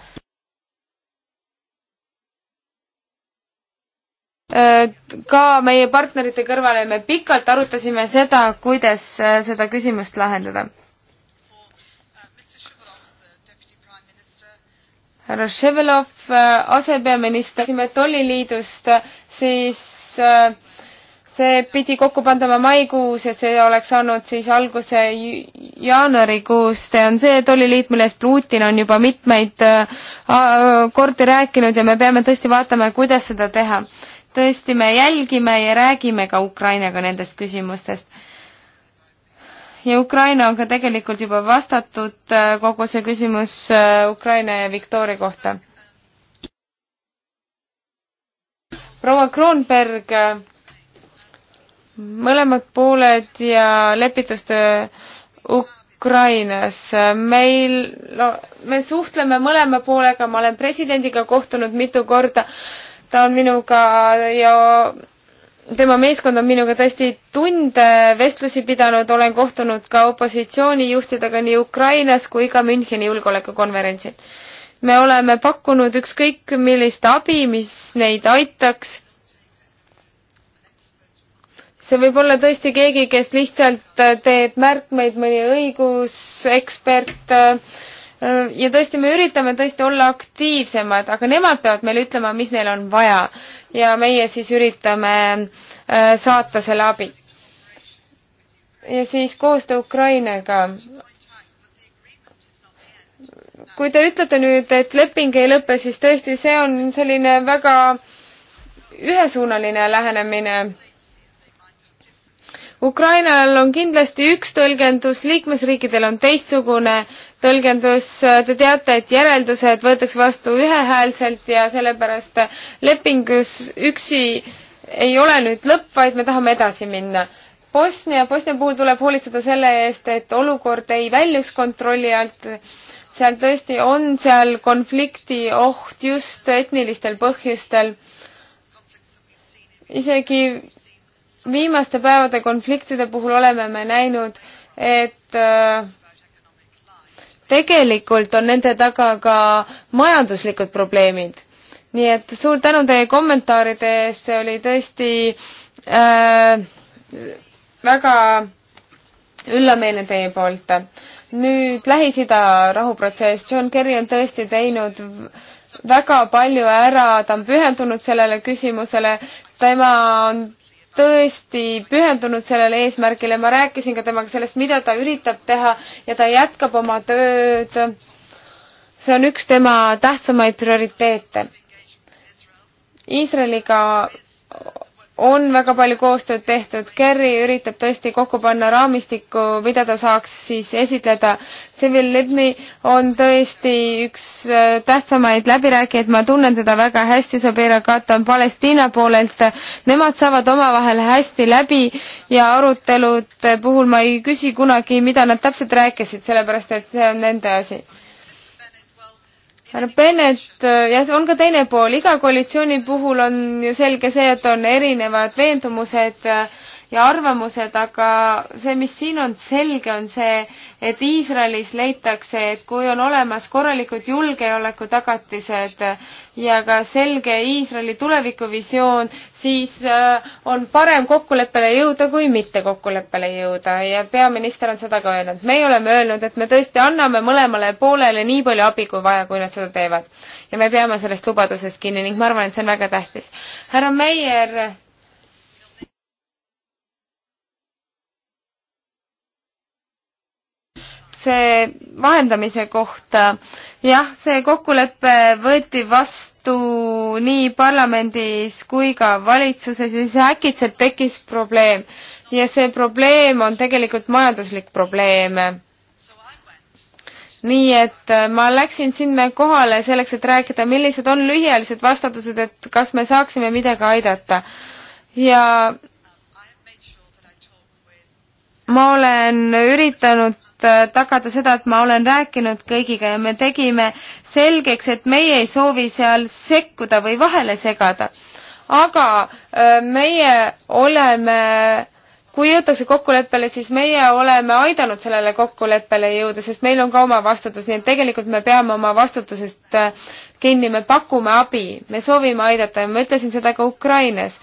ka meie partnerite kõrval ja me pikalt arutasime seda, kuidas äh, seda küsimust lahendada. härra Ševelov, äh, asepeaminister, tolliliidust, siis äh, see pidi kokku pandama maikuus ja see oleks olnud siis alguse jaanuarikuus, see on see tolliliit, millest Putin on juba mitmeid äh, kordi rääkinud ja me peame tõesti vaatama, kuidas seda teha. tõesti, me jälgime ja räägime ka Ukrainaga nendest küsimustest. ja Ukraina on ka tegelikult juba vastatud, äh, kogu see küsimus äh, Ukraina ja Viktoria kohta. proua Kroonberg mõlemad pooled ja lepitustöö Ukrainas. meil no,, me suhtleme mõlema poolega, ma olen presidendiga kohtunud mitu korda, ta on minuga ja tema meeskond on minuga tõesti tunde vestlusi pidanud, olen kohtunud ka opositsioonijuhtidega nii Ukrainas kui ka Müncheni julgeolekukonverentsil. me oleme pakkunud ükskõik millist abi, mis neid aitaks see võib olla tõesti keegi, kes lihtsalt äh, teeb märkmeid, mõni õigusekspert äh, ja tõesti, me üritame tõesti olla aktiivsemad, aga nemad peavad meile ütlema, mis neil on vaja ja meie siis üritame äh, saata selle abi. ja siis koostöö Ukrainaga. kui te ütlete nüüd, et leping ei lõpe, siis tõesti, see on selline väga ühesuunaline lähenemine Ukrainal on kindlasti üks tõlgendus, liikmesriikidel on teistsugune tõlgendus, te teate, et järeldused võetakse vastu ühehäälselt ja sellepärast lepingus üksi ei ole nüüd lõpp, vaid me tahame edasi minna. Bosnia, Bosnia puhul tuleb hoolitseda selle eest, et olukord ei väljuks kontrolli alt. seal tõesti on seal konflikti oht just etnilistel põhjustel. isegi viimaste päevade konfliktide puhul oleme me näinud, et äh, tegelikult on nende taga ka majanduslikud probleemid. nii et suur tänu teie kommentaaride eest, see oli tõesti äh, väga üllameelne teie poolt. nüüd Lähis-Ida rahuprotsess, John Kerry on tõesti teinud väga palju ära, ta on pühendunud sellele küsimusele, tema on tõesti pühendunud sellele eesmärgile, ma rääkisin ka temaga sellest, mida ta üritab teha ja ta jätkab oma tööd. see on üks tema tähtsamaid prioriteete. Iisraeliga on väga palju koostööd tehtud, Kerry üritab tõesti kokku panna raamistikku, mida ta saaks siis esitleda. Civil Libni on tõesti üks äh, tähtsamaid läbirääkijaid, ma tunnen teda väga hästi, Sabir Agat on Palestiina poolelt, nemad saavad omavahel hästi läbi ja arutelude puhul ma ei küsi kunagi, mida nad täpselt rääkisid, sellepärast et see on nende asi härra Bennett, äh, jah, on ka teine pool, iga koalitsiooni puhul on ju selge see, et on erinevad veendumused äh, ja arvamused, aga see, mis siin on selge, on see, et Iisraelis leitakse, et kui on olemas korralikud julgeolekutagatised ja ka selge Iisraeli tulevikuvisioon, siis äh, on parem kokkuleppele jõuda kui mitte kokkuleppele jõuda ja peaminister on seda ka öelnud. meie oleme öelnud, et me tõesti anname mõlemale poolele nii palju abi kui vaja, kui nad seda teevad. ja me peame sellest lubadusest kinni ning ma arvan, et see on väga tähtis. härra Meier see vahendamise kohta, jah, see kokkulepe võeti vastu nii parlamendis kui ka valitsuses ja siis äkitselt tekkis probleem. ja see probleem on tegelikult majanduslik probleem. nii et äh, ma läksin sinna kohale selleks, et rääkida, millised on lühiajalised vastatused, et kas me saaksime midagi aidata. ja ma olen üritanud Äh, tagada seda, et ma olen rääkinud kõigiga ja me tegime selgeks, et meie ei soovi seal sekkuda või vahele segada. aga äh, meie oleme kui jõutakse kokkuleppele, siis meie oleme aidanud sellele kokkuleppele jõuda, sest meil on ka oma vastutus, nii et tegelikult me peame oma vastutusest äh, kinni, me pakume abi, me soovime aidata ja ma ütlesin seda ka Ukrainas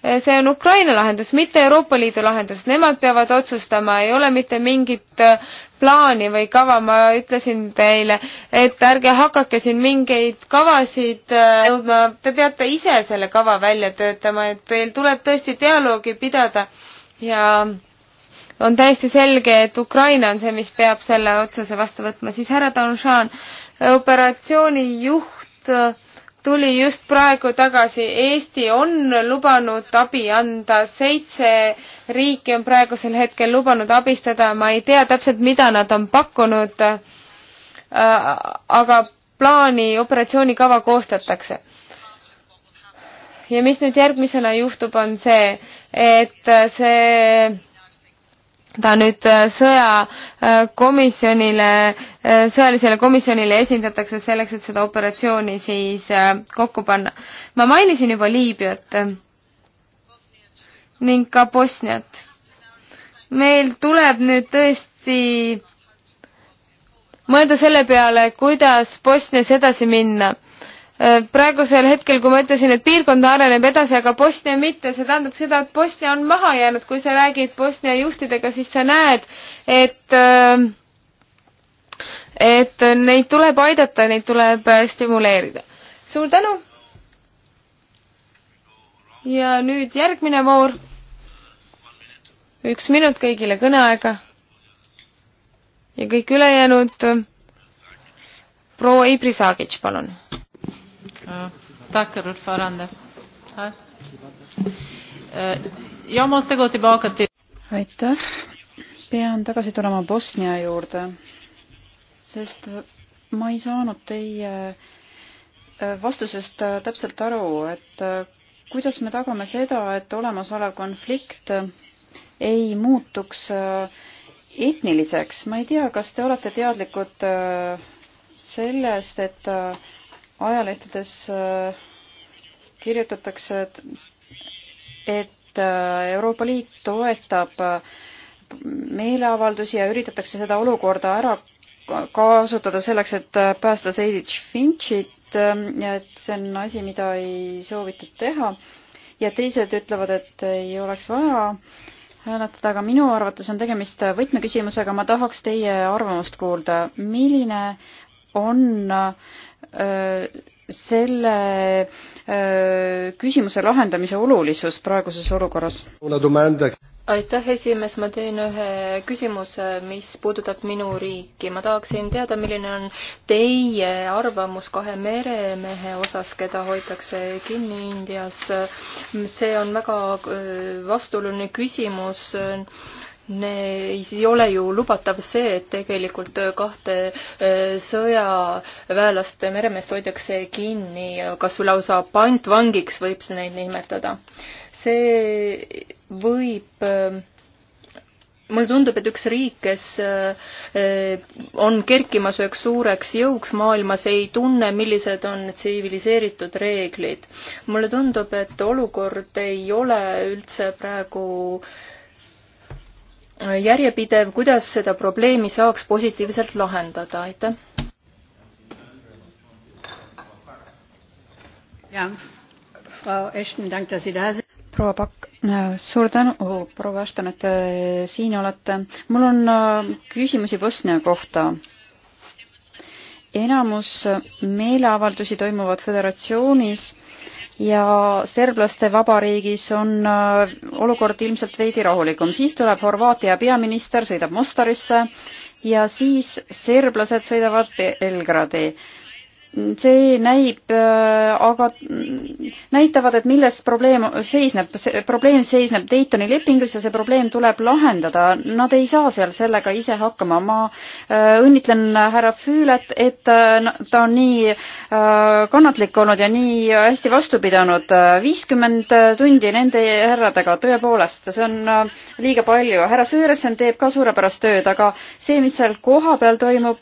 Eh, see on Ukraina lahendus, mitte Euroopa Liidu lahendus, nemad peavad otsustama, ei ole mitte mingit eh, plaani või kava, ma ütlesin teile, et ärge hakake siin mingeid kavasid eh, nõudma, te peate ise selle kava välja töötama, et teil tuleb tõesti dialoogi pidada ja on täiesti selge, et Ukraina on see, mis peab selle otsuse vastu võtma, siis härra Danšan, operatsiooni juht äh, tuli just praegu tagasi. Eesti on lubanud abi anda, seitse riiki on praegusel hetkel lubanud abistada, ma ei tea täpselt, mida nad on pakkunud, äh, aga plaani, operatsioonikava koostatakse. ja mis nüüd järgmisena juhtub, on see, et see ta nüüd äh, sõjakomisjonile, äh, äh, sõjalisele komisjonile esindatakse selleks, et seda operatsiooni siis kokku panna. ma mainisin juba Liibüat ning ka Bosniat. meil tuleb nüüd tõesti mõelda selle peale, kuidas Bosnias edasi minna Äh, praegusel hetkel, kui ma ütlesin, et piirkond areneb edasi, aga Bosnia mitte, see tähendab seda, et Bosnia on maha jäänud, kui sa räägid Bosnia juhtidega, siis sa näed, et äh, et neid tuleb aidata, neid tuleb äh, stimuleerida. suur tänu! ja nüüd järgmine voor. üks minut kõigile kõneaega. ja kõik ülejäänud. proua Ibri Sagic, palun Tackar ordförande. Eh, jag måste gå tillbaka till... Aitäh. Pean tagasi tulema Bosnia juurde, sest ma ei saanud teie eh, vastusest eh, täpselt aru, et kuidas me tagame seda, et olemasolev konflikt ei muutuks etniliseks. ma ei tea, kas te olete teadlikud sellest, et ajalehtedes äh, kirjutatakse, et, et äh, Euroopa Liit toetab äh, meeleavaldusi ja üritatakse seda olukorda ära kasutada selleks, et päästa Seidich Finchit ähm, ja et see on asi, mida ei soovitud teha. ja teised ütlevad, et ei oleks vaja hääletada, aga minu arvates on tegemist võtmeküsimusega, ma tahaks teie arvamust kuulda, milline on äh, Äh, selle äh, küsimuse lahendamise olulisus praeguses olukorras? aitäh, esimees, ma teen ühe küsimuse, mis puudutab minu riiki. ma tahaksin teada, milline on teie arvamus kahe meremehe osas, keda hoitakse kinni Indias. see on väga äh, vastuoluline küsimus ei ole ju lubatav see, et tegelikult kahte äh, sõjaväelast meremeest hoitakse kinni, kas või lausa pantvangiks võib neid nimetada. see võib äh, mulle tundub, et üks riik, kes äh, on kerkimas üheks suureks jõuks maailmas, ei tunne, millised on tsiviliseeritud reeglid. mulle tundub, et olukord ei ole üldse praegu äh, järjepidev, kuidas seda probleemi saaks positiivselt lahendada, aitäh. proua Pakk, suur tänu, oh, proua Ashton, et te äh, siin olete. mul on äh, küsimusi Bosnia kohta. enamus meeleavaldusi toimuvad föderatsioonis ja serblaste vabariigis on äh, olukord ilmselt veidi rahulikum. siis tuleb Horvaatia peaminister, sõidab Mostarisse ja siis serblased sõidavad Belgradi see näib äh, aga, näitavad, et milles probleem seisneb, see probleem seisneb Daytoni lepingus ja see probleem tuleb lahendada. Nad ei saa seal sellega ise hakkama. ma äh, õnnitlen härra Füület, et äh, ta on nii kannatlik olnud ja nii hästi vastu pidanud. viiskümmend tundi nende härradega, tõepoolest, see on liiga palju. härra Sõõresson teeb ka suurepärast tööd, aga see, mis seal kohapeal toimub,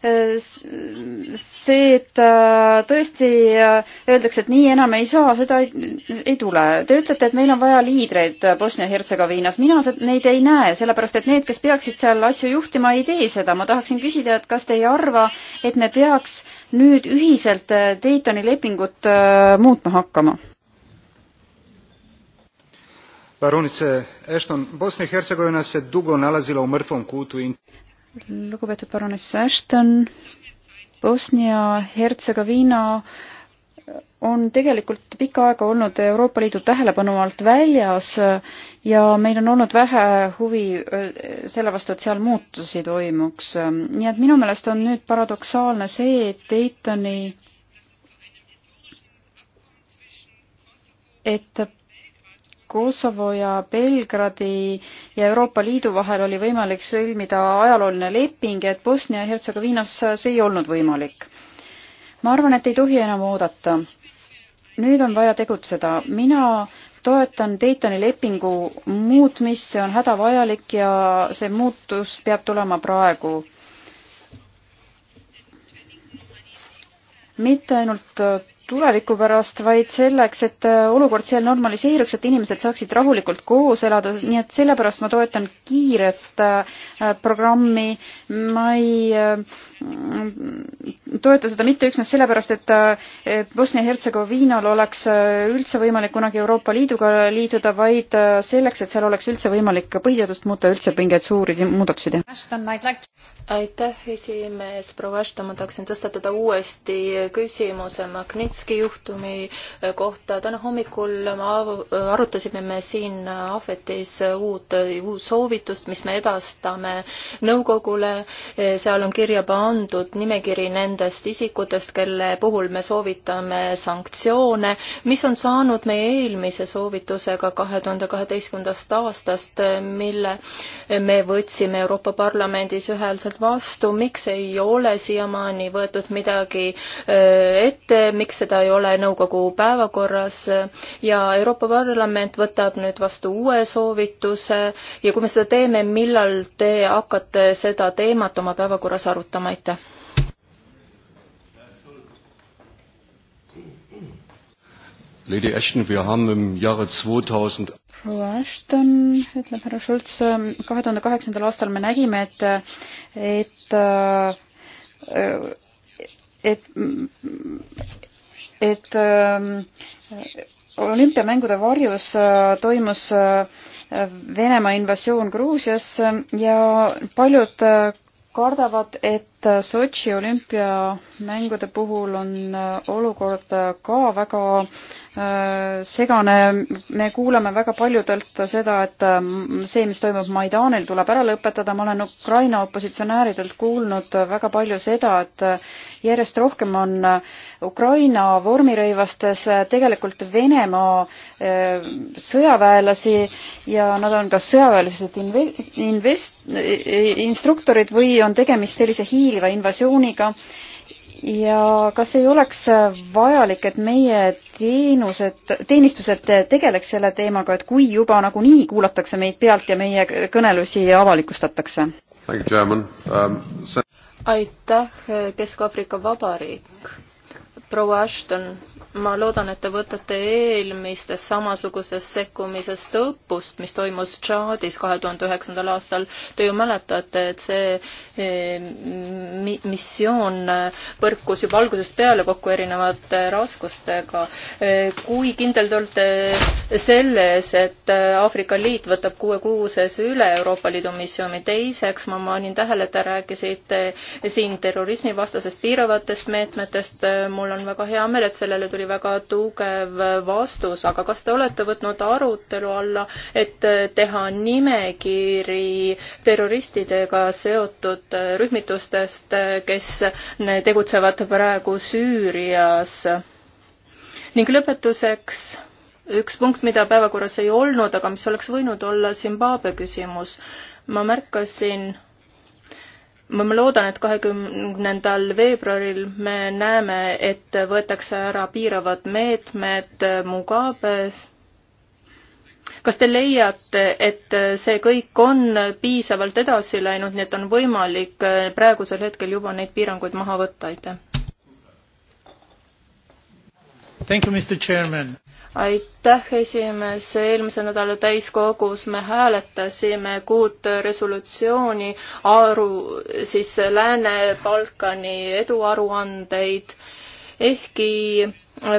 see, et äh, tõesti äh, öeldakse, et nii enam ei saa, seda ei, ei tule. Te ütlete, et meil on vaja liidreid Bosnia-Hertsegoviinas. mina neid ei näe, sellepärast et need, kes peaksid seal asju juhtima, ei tee seda. ma tahaksin küsida, et kas te ei arva, et me peaks nüüd ühiselt äh, Daytoni lepingut muutma hakkama? baronice ashton bosna i hercegovina se dugo nalazila u mrtvom kutu lugupeetud baroness Ashton, Bosnia-Hertsegoviina on tegelikult pikka aega olnud Euroopa Liidu tähelepanu alt väljas ja meil on olnud vähe huvi selle vastu, et seal muutusi toimuks. nii et minu meelest on nüüd paradoksaalne see, et Daytoni, et Kosovo ja Belgradi ja Euroopa Liidu vahel oli võimalik sõlmida ajalooline leping, et Bosnia ja Hertsegoviinas see ei olnud võimalik. ma arvan, et ei tohi enam oodata. nüüd on vaja tegutseda. mina toetan Daytoni lepingu muutmist, see on hädavajalik ja see muutus peab tulema praegu. mitte ainult tuleviku pärast, vaid selleks, et äh, olukord seal normaliseeruks, et inimesed saaksid rahulikult koos elada, nii et sellepärast ma toetan kiiret äh, programmi. ma ei äh, toeta seda mitte üksnes sellepärast, et Bosnia-Hertsegoviinal oleks üldse võimalik kunagi Euroopa Liiduga liituda, vaid selleks, et seal oleks üldse võimalik põhiseadust muuta, üldse mingeid suuri muudatusi teha. aitäh, esimees proua Ashton, ma tahaksin tõstatada uuesti küsimuse Magnitsi Magnitski juhtumi kohta. täna hommikul me arutasime me siin Ahvetis uut, uut soovitust, mis me edastame nõukogule. seal on kirja pandud nimekiri nendest isikutest, kelle puhul me soovitame sanktsioone, mis on saanud meie eelmise soovitusega kahe tuhande kaheteistkümnendast aastast, mille me võtsime Euroopa Parlamendis ühehäälselt vastu. miks ei ole siiamaani võetud midagi äh, ette, miks see seda ei ole nõukogu päevakorras ja Euroopa Parlament võtab nüüd vastu uue soovituse ja kui me seda teeme, millal te hakkate seda teemat oma päevakorras arutama, aitäh? Lady Ashton, wir haben im Jahre 2000 proua Ashton, ütleb härra Schultz, kahe tuhande kaheksandal aastal me nägime, et, et et et ähm, olümpiamängude varjus äh, toimus äh, Venemaa invasioon Gruusiasse ja paljud äh, kardavad, et et Sotši olümpiamängude puhul on äh, olukord äh, ka väga äh, segane, me kuuleme väga paljudelt seda, et see, mis toimub Maidanil, tuleb ära lõpetada, ma olen Ukraina opositsionääridelt kuulnud väga palju seda, et järjest rohkem on Ukraina vormirõivastes tegelikult Venemaa sõjaväelasi ja nad on kas sõjaväelised invest-, instruktorid või on tegemist sellise hiir-, hiiliva invasiooniga ja kas ei oleks vajalik, et meie teenused, teenistused tegeleks selle teemaga, et kui juba nagunii kuulatakse meid pealt ja meie kõnelusi avalikustatakse? Um, aitäh, Kesk-Aafrika Vabariik. proua Ashton ma loodan, et te võtate eelmistest samasugusest sekkumisest õppust, mis toimus Tšaadis kahe tuhande üheksandal aastal. Te ju mäletate, et see eh, missioon eh, põrkus juba algusest peale kokku erinevate raskustega. Eh, kui kindel te olete selles, et Aafrika Liit võtab kuue kuu sees üle Euroopa Liidu missiooni? teiseks ma panin tähele, et te rääkisite siin terrorismivastasest piiravatest meetmetest. mul on väga hea meel, et sellele tuli tuli väga tugev vastus, aga kas te olete võtnud arutelu alla, et teha nimekiri terroristidega seotud rühmitustest, kes tegutsevad praegu Süürias? ning lõpetuseks üks punkt, mida päevakorras ei olnud, aga mis oleks võinud olla Zimbabwe küsimus. ma märkasin ma loodan, et kahekümnendal veebruaril me näeme, et võetakse ära piiravad meetmed Mugabes. kas te leiate, et see kõik on piisavalt edasi läinud, nii et on võimalik praegusel hetkel juba neid piiranguid maha võtta, aitäh? Thank you, Mr Chairman aitäh, esimees, eelmise nädala täiskogus me hääletasime kuut resolutsiooni, aru, siis Lääne-Balkani eduaruandeid, ehkki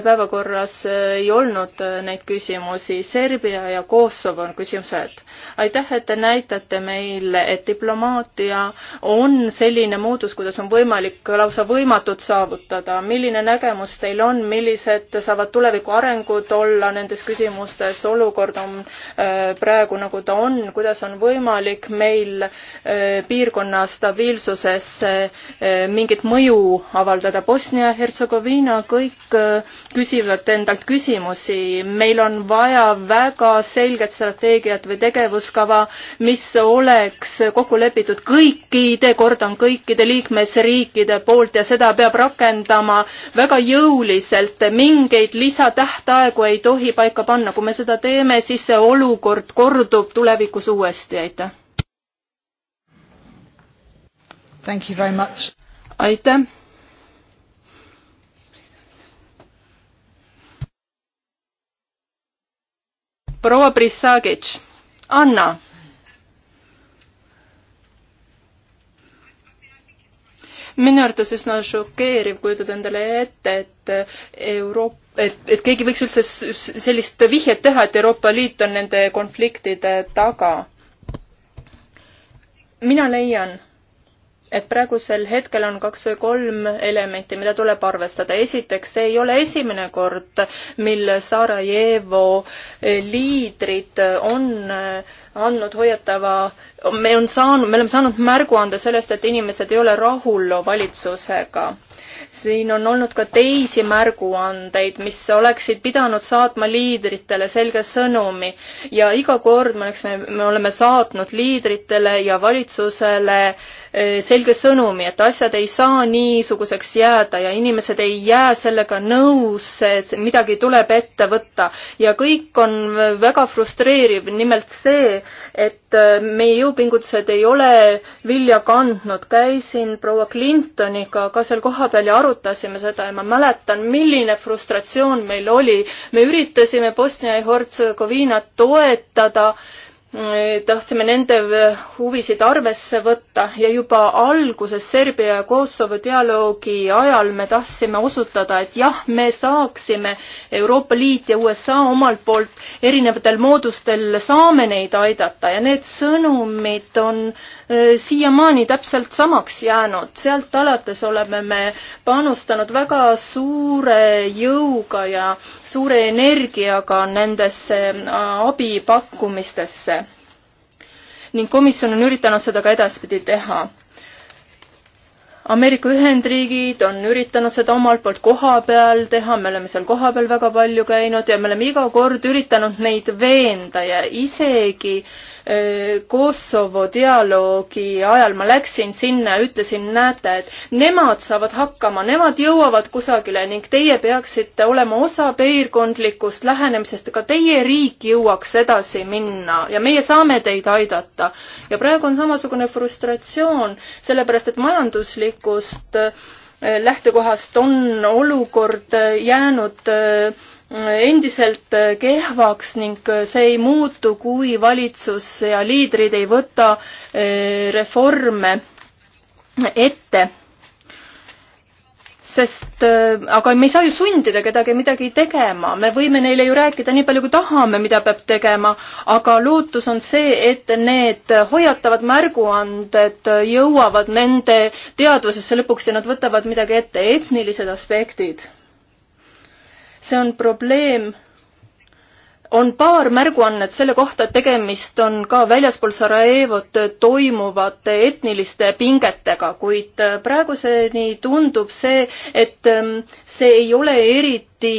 päevakorras äh, ei olnud äh, neid küsimusi. Serbia ja Kosovo on küsimused. aitäh, et te näitate meile, et diplomaatia on selline moodus, kuidas on võimalik lausa võimatut saavutada. milline nägemus teil on, millised saavad tuleviku arengud olla nendes küsimustes? olukord on äh, praegu nagu ta on, kuidas on võimalik meil piirkonna stabiilsuses mingit mõju avaldada? Bosnia-Hertsegoviina kõik küsivad endalt küsimusi. meil on vaja väga selget strateegiat või tegevuskava, mis oleks kokku lepitud kõikide, kordan, kõikide liikmesriikide poolt ja seda peab rakendama väga jõuliselt. mingeid lisatähtaegu ei tohi paika panna. kui me seda teeme, siis see olukord kordub tulevikus uuesti. aitäh! aitäh! proua Prissagic, Anna. minu arvates üsna šokeeriv kujutada endale ette, et Euroopa, et, et keegi võiks üldse sellist vihjet teha, et Euroopa Liit on nende konfliktide taga. mina leian et praegusel hetkel on kaks või kolm elementi, mida tuleb arvestada. esiteks, see ei ole esimene kord, mil Sarajevo eh, liidrid on eh, andnud hoiatava, me on saanud, me oleme saanud märguande sellest, et inimesed ei ole rahul valitsusega siin on olnud ka teisi märguandeid, mis oleksid pidanud saatma liidritele selge sõnumi ja iga kord me oleksime, me oleme saatnud liidritele ja valitsusele äh, Eh, selge sõnumi, et asjad ei saa niisuguseks jääda ja inimesed ei jää sellega nõusse, et midagi tuleb ette võtta. ja kõik on väga frustreeriv, nimelt see, et eh, meie jõupingutused ei ole vilja kandnud. käisin proua Clintoniga ka seal kohapeal ja arutasime seda ja ma mäletan, milline frustratsioon meil oli. me üritasime Bosnia ja Hertsegoviinat toetada tahtsime nende huvisid arvesse võtta ja juba alguses Serbia ja Kosovo dialoogi ajal me tahtsime osutada, et jah, me saaksime, Euroopa Liit ja USA omalt poolt erinevatel moodustel saame neid aidata ja need sõnumid on äh, siiamaani täpselt samaks jäänud. sealt alates oleme me panustanud väga suure jõuga ja suure energiaga nendesse äh, abipakkumistesse ning komisjon on üritanud seda ka edaspidi teha. Ameerika Ühendriigid on üritanud seda omalt poolt koha peal teha, me oleme seal kohapeal väga palju käinud ja me oleme iga kord üritanud neid veenda ja isegi äh, Äh, Kosovo dialoogi ajal ma läksin sinna ja ütlesin, näete, et nemad saavad hakkama, nemad jõuavad kusagile ning teie peaksite olema osa piirkondlikust lähenemisest, ka teie riik jõuaks edasi minna ja meie saame teid aidata. ja praegu on samasugune frustratsioon, sellepärast et majanduslikust äh, lähtekohast on olukord äh, jäänud endiselt kehvaks ning see ei muutu, kui valitsus ja liidrid ei võta eh, reforme ette. sest, eh, aga me ei saa ju sundida kedagi midagi tegema, me võime neile ju rääkida nii palju, kui tahame, mida peab tegema, aga lootus on see, et need hoiatavad märguanded jõuavad nende teadvusesse lõpuks ja nad võtavad midagi ette, etnilised aspektid see on probleem, on paar märguannet selle kohta, et tegemist on ka väljaspool Sarajevot toimuvate etniliste pingetega, kuid äh, praeguseni tundub see, et ähm, see ei ole eriti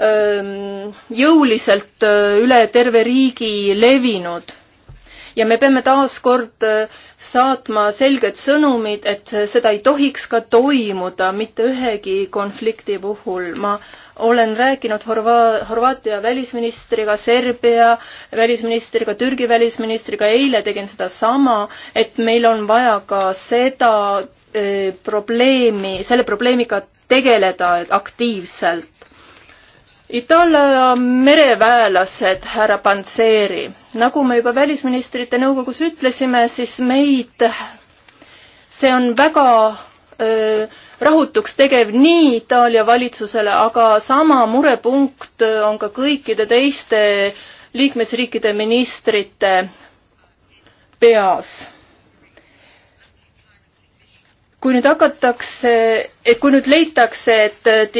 ähm, jõuliselt äh, üle terve riigi levinud ja me peame taaskord äh, saatma selged sõnumid, et seda ei tohiks ka toimuda mitte ühegi konflikti puhul. ma äh, olen rääkinud Horva-, Horvaatia välisministriga, Serbia välisministriga, Türgi välisministriga, eile tegin sedasama, et meil on vaja ka seda öö, eh, probleemi, selle probleemiga tegeleda aktiivselt. Itaalia mereväelased, härra Panseri, nagu me juba välisministrite nõukogus ütlesime, siis meid, see on väga öö, eh, rahutuks tegev nii Itaalia valitsusele, aga sama murepunkt on ka kõikide teiste liikmesriikide ministrite peas. kui nüüd hakatakse, et kui nüüd leitakse, et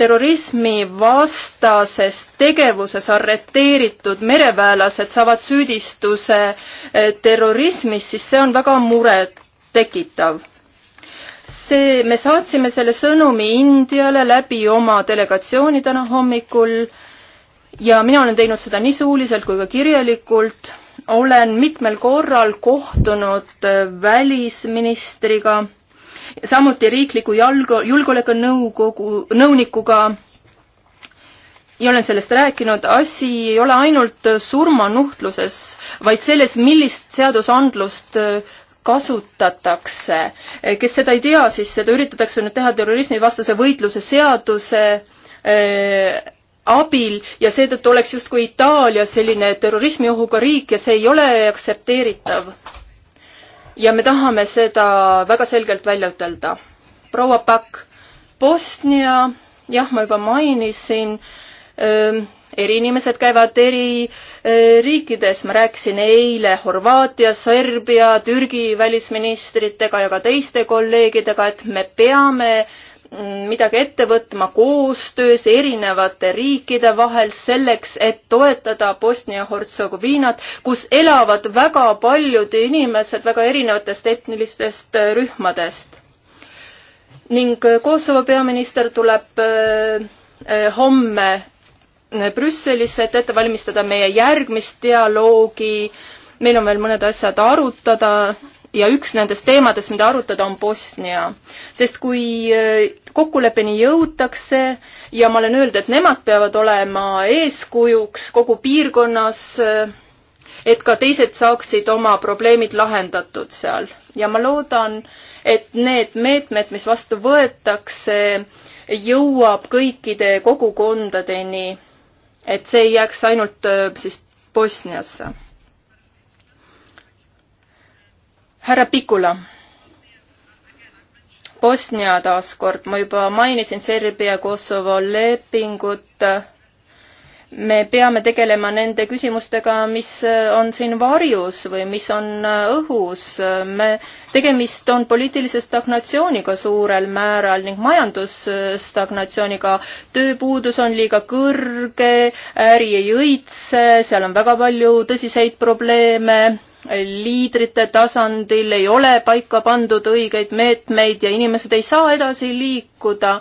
terrorismi vastases tegevuses arreteeritud mereväelased saavad süüdistuse eh, terrorismis, siis see on väga murettekitav see, me saatsime selle sõnumi Indiale läbi oma delegatsiooni täna hommikul ja mina olen teinud seda nii suuliselt kui ka kirjalikult. olen mitmel korral kohtunud äh, välisministriga, samuti riikliku jalg-, julgeolekunõukogu, nõunikuga ja olen sellest rääkinud, asi ei ole ainult surmanuhtluses, vaid selles, millist seadusandlust äh, kasutatakse. kes seda ei tea, siis seda üritatakse nüüd teha terrorismivastase võitluse seaduse äh, abil ja seetõttu oleks justkui Itaalia selline terrorismiohuga riik ja see ei ole aktsepteeritav. ja me tahame seda väga selgelt välja ütelda. proua Pakk, Bosnia, jah, ma juba mainisin äh, eri inimesed käivad eri riikides, ma rääkisin eile Horvaatia, Serbia, Türgi välisministritega ja ka teiste kolleegidega, et me peame mm, midagi ette võtma koostöös erinevate riikide vahel selleks, et toetada Bosnia-Hertsegoviinat, kus elavad väga paljud inimesed väga erinevatest etnilistest rühmadest. ning Kosovo peaminister tuleb homme Brüsselisse, et ette valmistada meie järgmist dialoogi. meil on veel mõned asjad arutada ja üks nendest teemadest, mida arutada, on Bosnia. sest kui äh, kokkuleppeni jõutakse ja ma olen öelnud, et nemad peavad olema eeskujuks kogu piirkonnas, äh, et ka teised saaksid oma probleemid lahendatud seal ja ma loodan, et need meetmed, mis vastu võetakse, jõuab kõikide kogukondadeni et see ei jääks ainult äh, siis Bosniasse. härra Pikula. Bosnia taaskord, ma juba mainisin Serbia-Kosovo lepingut me peame tegelema nende küsimustega, mis äh, on siin varjus või mis on äh, õhus. me, tegemist on poliitilise stagnatsiooniga suurel määral ning majandusstagnatsiooniga. tööpuudus on liiga kõrge, äri ei õitse, seal on väga palju tõsiseid probleeme liidrite tasandil ei ole paika pandud õigeid meetmeid ja inimesed ei saa edasi liikuda äh,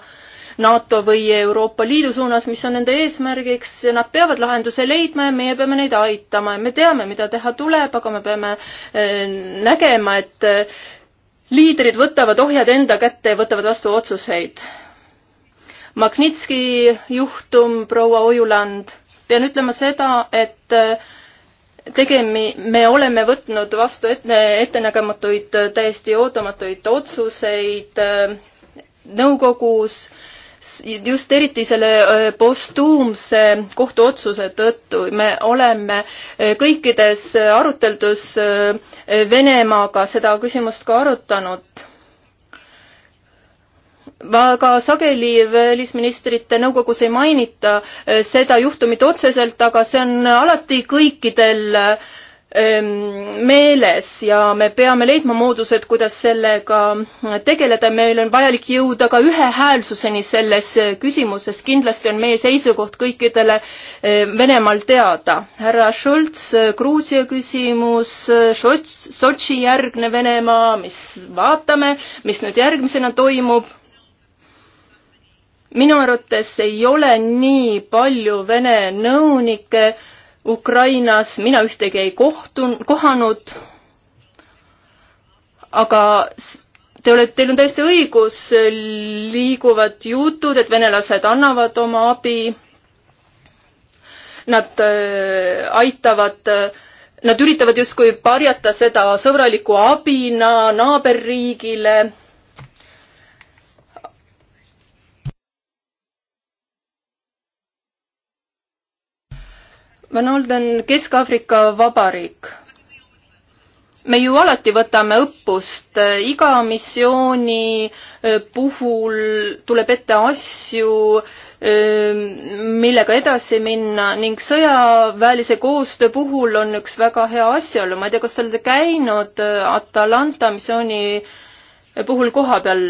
NATO või Euroopa Liidu suunas, mis on nende eesmärgiks ja nad peavad lahenduse leidma ja meie peame neid aitama ja me teame, mida teha tuleb, aga me peame eh, nägema, et eh, liidrid võtavad ohjad enda kätte ja võtavad vastu otsuseid. Magnitski juhtum, proua Ojuland, pean ütlema seda, et eh, tegemi-, me oleme võtnud vastu ette, ettenägematuid, täiesti ootamatuid otsuseid nõukogus just eriti selle postuumse kohtuotsuse tõttu me oleme kõikides aruteldes Venemaaga seda küsimust ka arutanud. väga sageli välisministrite nõukogus ei mainita seda juhtumit otseselt, aga see on alati kõikidel äh, Ehm, meeles ja me peame leidma moodused, kuidas sellega tegeleda, meil on vajalik jõuda ka ühehäälsuseni selles küsimuses, kindlasti on meie seisukoht kõikidele ehm, Venemaal teada. härra Schulz, Gruusia küsimus, Sotši järgne Venemaa, mis vaatame, mis nüüd järgmisena toimub minu arvates ei ole nii palju Vene nõunikke, Ukrainas, mina ühtegi ei kohtun, kohanud, aga te olete, teil on täiesti õigus, liiguvad jutud, et venelased annavad oma abi. Nad äh, aitavad, äh, nad üritavad justkui varjata seda sõbraliku abina naaberriigile Van Olden, Kesk-Aafrika Vabariik. me ju alati võtame õppust, iga missiooni äh, puhul tuleb ette asju, äh, millega edasi minna ning sõjaväelise koostöö puhul on üks väga hea asjaolu, ma ei tea, kas te olete käinud äh, Atalanta missiooni puhul koha peal,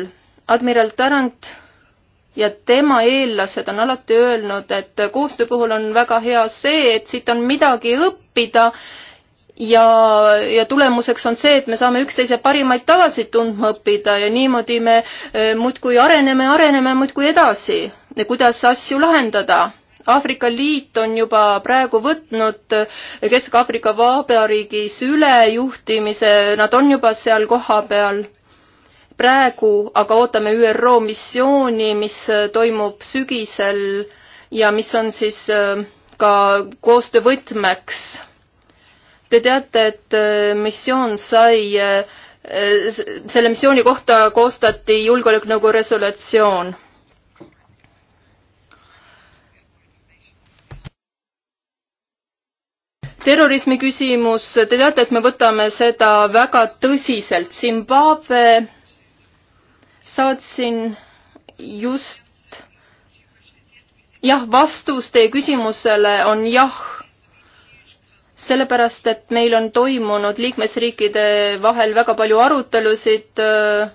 admiral Tarand ja tema eellased on alati öelnud, et koostöö puhul on väga hea see, et siit on midagi õppida ja, ja tulemuseks on see, et me saame üksteise parimaid tavasid tundma õppida ja niimoodi me e, muudkui areneme, areneme muudkui edasi, kuidas asju lahendada Aafrika Liit on juba praegu võtnud Kesk-Aafrika Vabariigis üle juhtimise, nad on juba seal kohapeal praegu aga ootame ÜRO missiooni, mis äh, toimub sügisel ja mis on siis äh, ka koostöö võtmeks. Te teate, et äh, missioon sai, selle missiooni kohta koostati Julgeolekunõukogu resolutsioon terrorismi küsimus, te teate, et me võtame seda väga tõsiselt. Zimbabwe saatsin just jah, vastus teie küsimusele on jah. sellepärast, et meil on toimunud liikmesriikide vahel väga palju arutelusid, äh,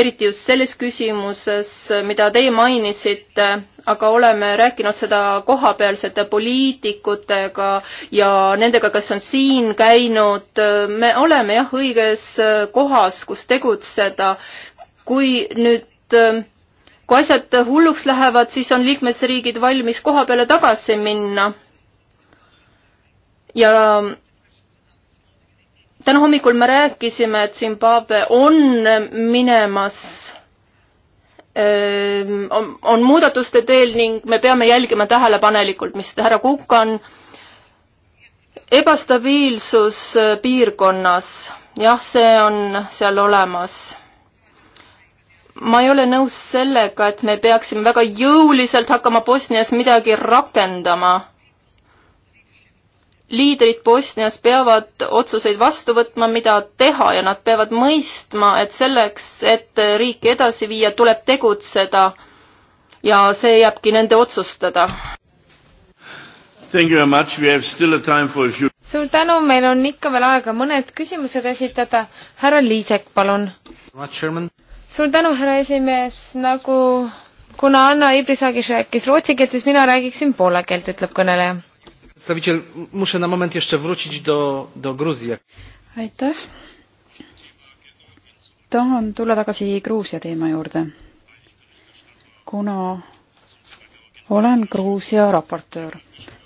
eriti just selles küsimuses, mida teie mainisite, aga oleme rääkinud seda kohapealsete poliitikutega ja nendega, kes on siin käinud. Äh, me oleme jah, õiges äh, kohas, kus tegutseda kui nüüd, äh, kui asjad hulluks lähevad, siis on liikmesriigid valmis koha peale tagasi minna. ja täna hommikul me rääkisime, et Zimbabwe on minemas ähm, on, on muudatuste teel ning me peame jälgima tähelepanelikult, mis härra Kukk on. ebastabiilsus äh, piirkonnas, jah, see on seal olemas ma ei ole nõus sellega, et me peaksime väga jõuliselt hakkama Bosnias midagi rakendama. liidrid Bosnias peavad otsuseid vastu võtma, mida teha ja nad peavad mõistma, et selleks, et riiki edasi viia, tuleb tegutseda. ja see jääbki nende otsustada. suur tänu, meil on ikka veel aega mõned küsimused esitada. härra Liisek, palun suur tänu, härra esimees, nagu kuna Anna Ibrisagis rääkis rootsi keelt, siis mina räägiksin poola keelt, ütleb kõneleja. aitäh. tahan tulla tagasi Gruusia teema juurde. kuna olen Gruusia raportöör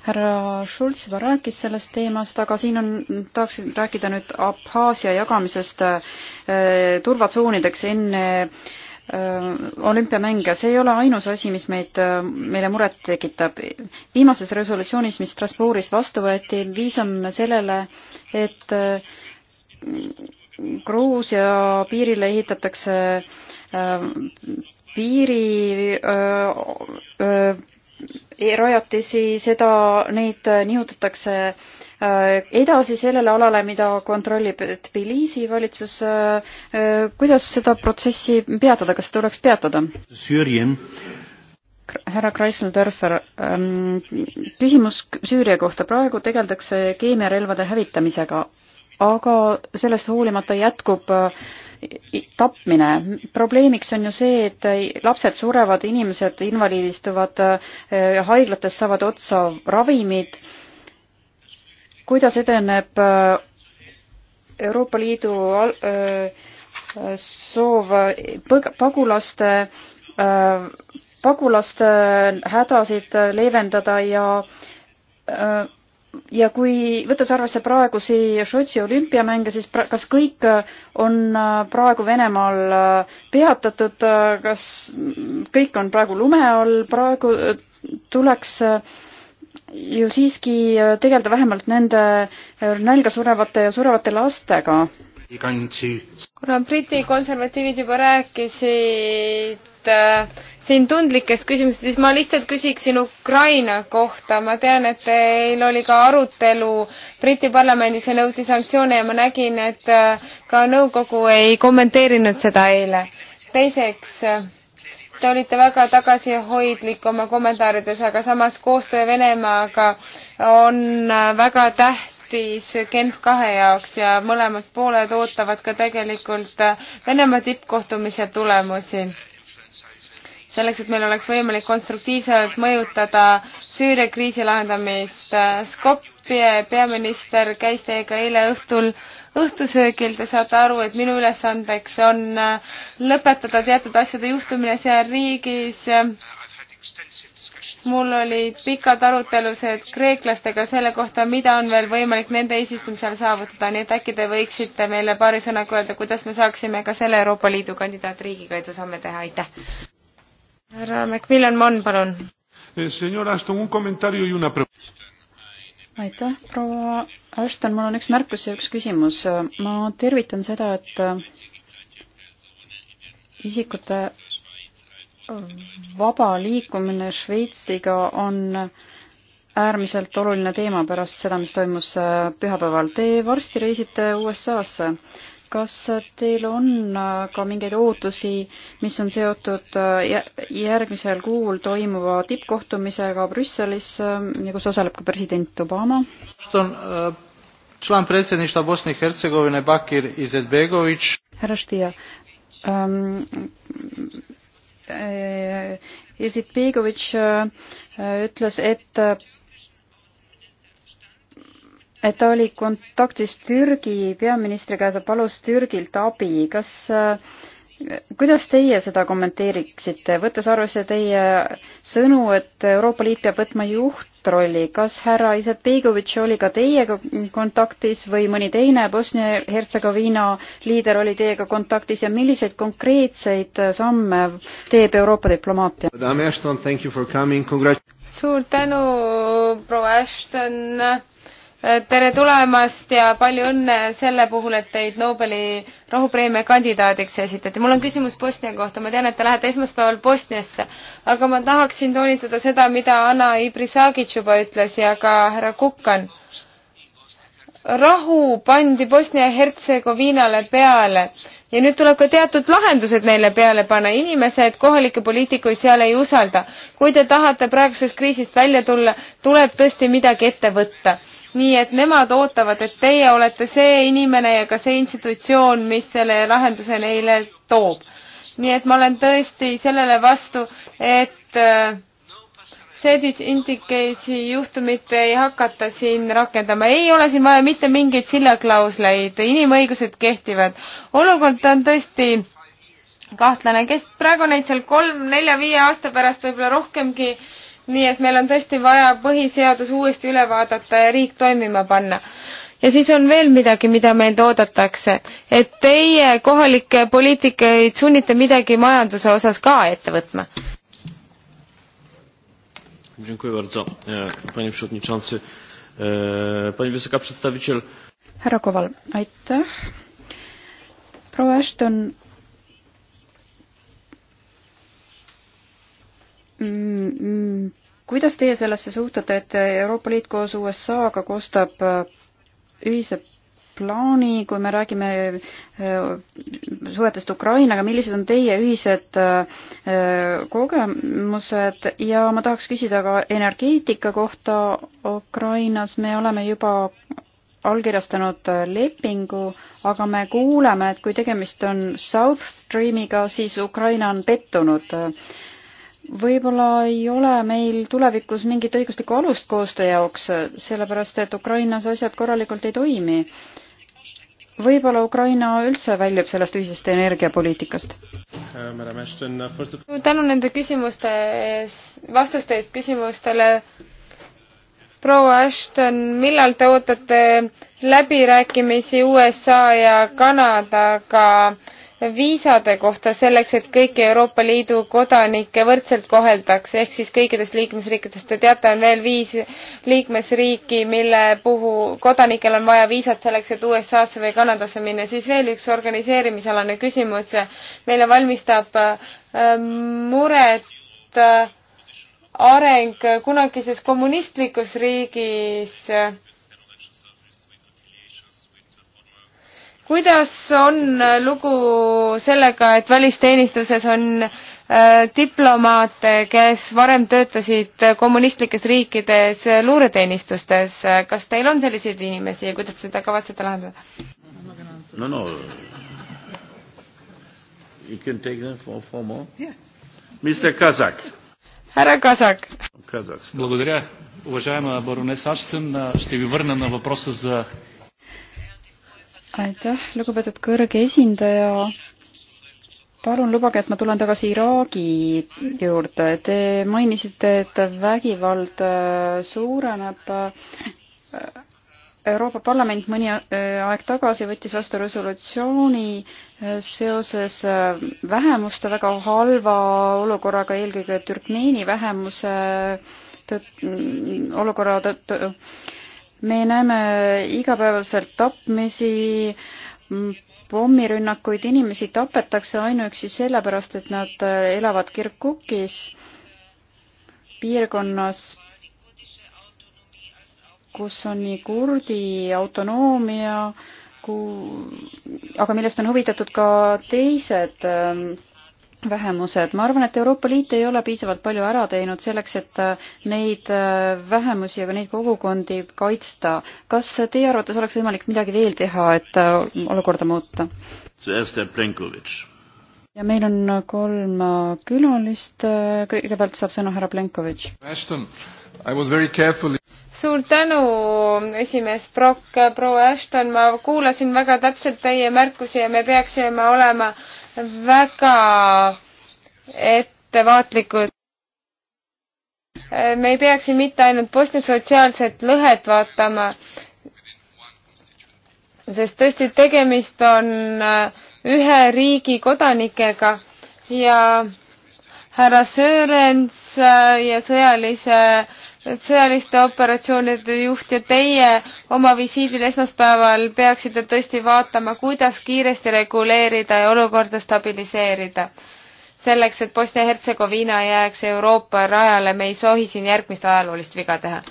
härra Schulz juba rääkis sellest teemast, aga siin on, tahaksin rääkida nüüd Abhaasia jagamisest äh, turvatsoonideks enne äh, olümpiamänge, see ei ole ainus asi, mis meid, äh, meile muret tekitab. viimases resolutsioonis, mis Strasbourgis vastu võeti, viisame sellele, et äh, Gruusia piirile ehitatakse äh, piiri öö, öö, E, rajatisi, seda, neid äh, nihutatakse äh, edasi sellele alale, mida kontrollib Tbilisi valitsus. Äh, kuidas seda protsessi peatada, kas tuleks peatada? härra Kreisel-Dörfer, ähm, küsimus Süüria kohta. praegu tegeldakse keemiarelvade hävitamisega, aga sellest hoolimata jätkub äh, tapmine. probleemiks on ju see, et lapsed surevad, inimesed invaliidistuvad, äh, haiglates saavad otsa ravimid. kuidas edeneb äh, Euroopa Liidu äh, soov pagulaste, pagulaste hädasid leevendada ja ja kui võttes arvesse praegusi Sotši olümpiamänge, siis pra-, kas kõik äh, on äh, praegu Venemaal äh, peatatud, kas kõik on praegu lume all, praegu tuleks ju siiski tegeleda vähemalt nende nälga surevate ja surevate lastega. kuna Briti konservatiivid juba rääkisid siin tundlikest küsimustest, siis ma lihtsalt küsiksin Ukraina kohta. ma tean, et teil oli ka arutelu Briti parlamendis ja nõuti sanktsioone ja ma nägin, et äh, ka nõukogu ei kommenteerinud seda eile. teiseks, äh, te olite väga tagasihoidlik oma kommentaarides, aga samas koostöö Venemaaga on äh, väga tähtis Genf kahe jaoks ja mõlemad pooled ootavad ka tegelikult Venemaa tippkohtumise tulemusi selleks, et meil oleks võimalik konstruktiivselt mõjutada Süüria kriisi lahendamist. Skopje peaminister käis teiega eile õhtul õhtusöögil, te saate aru, et minu ülesandeks on äh, lõpetada teatud asjade juhtumine seal riigis. mul olid pikad arutelused kreeklastega selle kohta, mida on veel võimalik nende eesistumisel saavutada, nii et äkki te võiksite meile paari sõnaga öelda, kuidas me saaksime ka selle Euroopa Liidu kandidaatriigiga edusamme teha, aitäh! härra Macmillan Mann, palun. Eh, aitäh, proua Ashton, mul on üks märkus ja üks küsimus. ma tervitan seda, et isikute vaba liikumine Šveitsiga on äärmiselt oluline teema pärast seda, mis toimus pühapäeval. Te varsti reisite USA-sse kas teil on äh, ka mingeid ootusi, mis on seotud äh, järgmisel kuul toimuva tippkohtumisega Brüsselis ja äh, kus osaleb ka president Obama? härra Štija ähm,. Izetbegovič ütles, et et ta oli kontaktis Türgi peaministriga ja ta palus Türgilt abi. kas, äh, kuidas teie seda kommenteeriksite, võttes arvesse teie sõnu, et Euroopa Liit peab võtma juhtrolli, kas härra Izetbegovitš oli ka teiega kontaktis või mõni teine Bosnia-Hertsegoviina liider oli teiega kontaktis ja milliseid konkreetseid samme teeb Euroopa diplomaatia? suur tänu, proua Ashton Äh, tere tulemast ja palju õnne selle puhul, et teid Nobeli rahupreemia kandidaadiks esitati. mul on küsimus Bosnia kohta, ma tean, et te lähete esmaspäeval Bosniasse, aga ma tahaksin toonitada seda, mida Anna Ibrisagic juba ütles ja ka härra Kukan. rahu pandi Bosnia-Hertsegoviinale peale ja nüüd tuleb ka teatud lahendused neile peale panna. inimesed kohalikke poliitikuid seal ei usalda. kui te tahate praegusest kriisist välja tulla, tuleb tõesti midagi ette võtta nii et nemad ootavad, et teie olete see inimene ja ka see institutsioon, mis selle lahenduse neile toob. nii et ma olen tõesti sellele vastu, et äh, Sedich Indicatesi juhtumit ei hakata siin rakendama, ei ole siin vaja mitte mingeid sillaklausleid, inimõigused kehtivad. olukord on tõesti kahtlane, kes praegu neid seal kolm-nelja-viie aasta pärast võib-olla rohkemgi äh, nii et meil on tõesti vaja põhiseadus uuesti üle vaadata ja riik toimima panna. ja siis on veel midagi, mida meilt oodatakse, et teie kohalikke poliitikaid sunnite midagi majanduse osas ka ette võtma. E, e, härra Koval, aitäh. proua Ashton Mm, mm. kuidas teie sellesse suhtute, et Euroopa Liit koos USA-ga koostab äh, ühise plaani, kui me räägime äh, suhetest Ukrainaga, millised on teie ühised äh, kogemused ja ma tahaks küsida ka energeetika kohta Ukrainas, me oleme juba allkirjastanud lepingu, aga me kuuleme, et kui tegemist on South Streamiga, siis Ukraina on pettunud äh, võib-olla ei ole meil tulevikus mingit õiguslikku alust koostöö jaoks, sellepärast et Ukrainas asjad korralikult ei toimi. võib-olla Ukraina üldse väljub sellest ühisest energiapoliitikast? tänu nende küsimuste ees, vastuste eest küsimustele. proua Ashton, millal te ootate läbirääkimisi USA ja Kanadaga ka viisade kohta selleks, et kõiki Euroopa Liidu kodanikke võrdselt koheldaks, ehk siis kõikidest liikmesriikidest, te teate, on veel viis liikmesriiki, mille puhul kodanikel on vaja viisat selleks, et USA-sse või Kanadasse minna, siis veel üks organiseerimisalane küsimus. meile valmistab äh, muret äh, areng kunagises kommunistlikus riigis kuidas on äh, lugu sellega, et välisteenistuses on äh, diplomaate, kes varem töötasid äh, kommunistlikes riikides luureteenistustes, kas teil on selliseid inimesi ja kuidas seda kavatsete lahendada? no no you can take them for four more yeah.. Mr Kazak. härra Kazak. Kazak. благодаря, уважаема баронесс Аштън, ще ви върна на въпроса за aitäh, lugupeetud kõrge esindaja. palun lubage, et ma tulen tagasi Iraagi juurde. Te mainisite, et vägivald äh, suureneb. Euroopa Parlament mõni äh, aeg tagasi võttis vastu resolutsiooni äh, seoses vähemuste väga halva olukorraga, eelkõige Türkmeeni vähemuse tõt, mm, olukorra tõttu me näeme igapäevaselt tapmisi, pommirünnakuid, inimesi tapetakse ainuüksi sellepärast, et nad äh, elavad Kirkukis piirkonnas, kus on nii kurdi autonoomia, aga millest on huvitatud ka teised äh, vähemused, ma arvan, et Euroopa Liit ei ole piisavalt palju ära teinud selleks, et äh, neid äh, vähemusi ja ka neid kogukondi kaitsta. kas teie arvates oleks võimalik midagi veel teha, et äh, olukorda muuta? ja meil on kolm külalist, kõigepealt saab sõna härra Plenkovitš. suur tänu, esimees Brock, proua Ashton, ma kuulasin väga täpselt teie märkusi ja me peaksime olema väga ettevaatlikud. me ei peaks siin mitte ainult Bosnia sotsiaalset lõhet vaatama, sest tõesti tegemist on äh, ühe riigi kodanikega ja härra Sörens äh, ja sõjalise äh, sõjaliste operatsioonide juht ja teie oma visiidil esmaspäeval peaksite tõesti vaatama, kuidas kiiresti reguleerida ja olukorda stabiliseerida. selleks, et Bosnia-Hertsegoviina jääks Euroopa rajale, me ei sohi siin järgmist ajaloolist viga teha.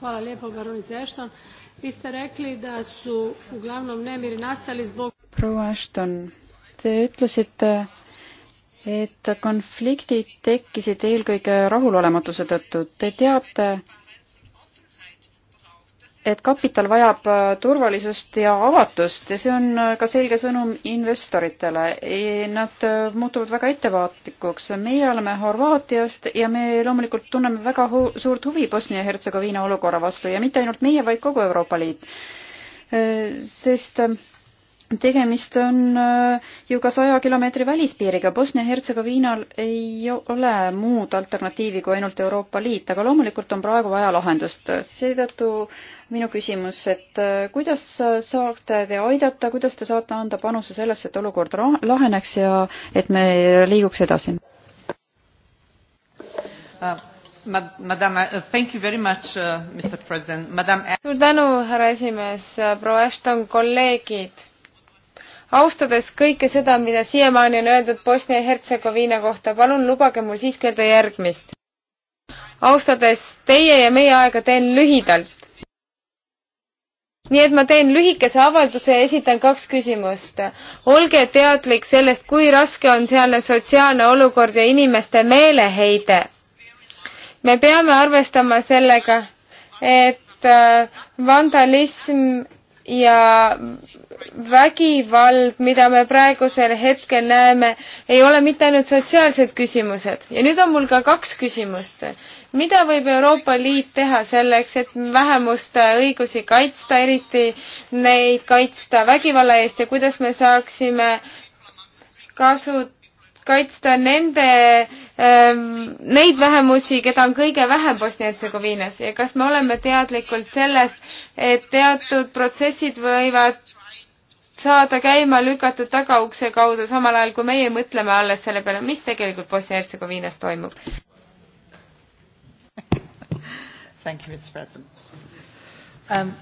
Hvala lijepo, baronice Ashton. Vi ste rekli da su uglavnom nemiri nastali zbog... Proua Ashton, te ütlesite, et konfliktid tekkisid eelkõige rahulolematuse tõttu. Te teate, et kapital vajab äh, turvalisust ja avatust ja see on äh, ka selge sõnum investoritele. E, nad äh, muutuvad väga ettevaatlikuks. meie oleme Horvaatiast ja me loomulikult tunneme väga hu suurt huvi Bosnia-Hertsegoviina olukorra vastu ja mitte ainult meie, vaid kogu Euroopa Liit. sest tegemist on äh, ju ka saja kilomeetri välispiiriga, Bosnia-Hertsegoviinal ei ole muud alternatiivi kui ainult Euroopa Liit, aga loomulikult on praegu vaja lahendust. seetõttu minu küsimus, et äh, kuidas saate te aidata, kuidas te saate anda panuse sellesse, et olukord laheneks ja et me liiguks edasi? Uh, Madame, uh, thank you very much, uh, Mr President. suur tänu, härra esimees, proua Ashton, kolleegid austades kõike seda, mida siiamaani on öeldud Bosnia ja Hertsegoviina kohta, palun lubage mul siiski öelda järgmist. austades teie ja meie aega, teen lühidalt. nii et ma teen lühikese avalduse ja esitan kaks küsimust. olge teadlik sellest, kui raske on sealne sotsiaalne olukord ja inimeste meeleheide. me peame arvestama sellega, et äh, vandalism ja vägivald, mida me praegusel hetkel näeme, ei ole mitte ainult sotsiaalsed küsimused ja nüüd on mul ka kaks küsimust. mida võib Euroopa Liit teha selleks, et vähemuste õigusi kaitsta, eriti neid kaitsta vägivalla eest ja kuidas me saaksime kasut-, kaitsta nende, ähm, neid vähemusi, keda on kõige vähem Bosnia-Hertsegoviinas ja kas me oleme teadlikult sellest, et teatud protsessid võivad saada käima lükatud tagaukse kaudu, samal ajal kui meie mõtleme alles selle peale, mis tegelikult Bosnia-Hertsegoviinas toimub? Thank you, Mr President um,.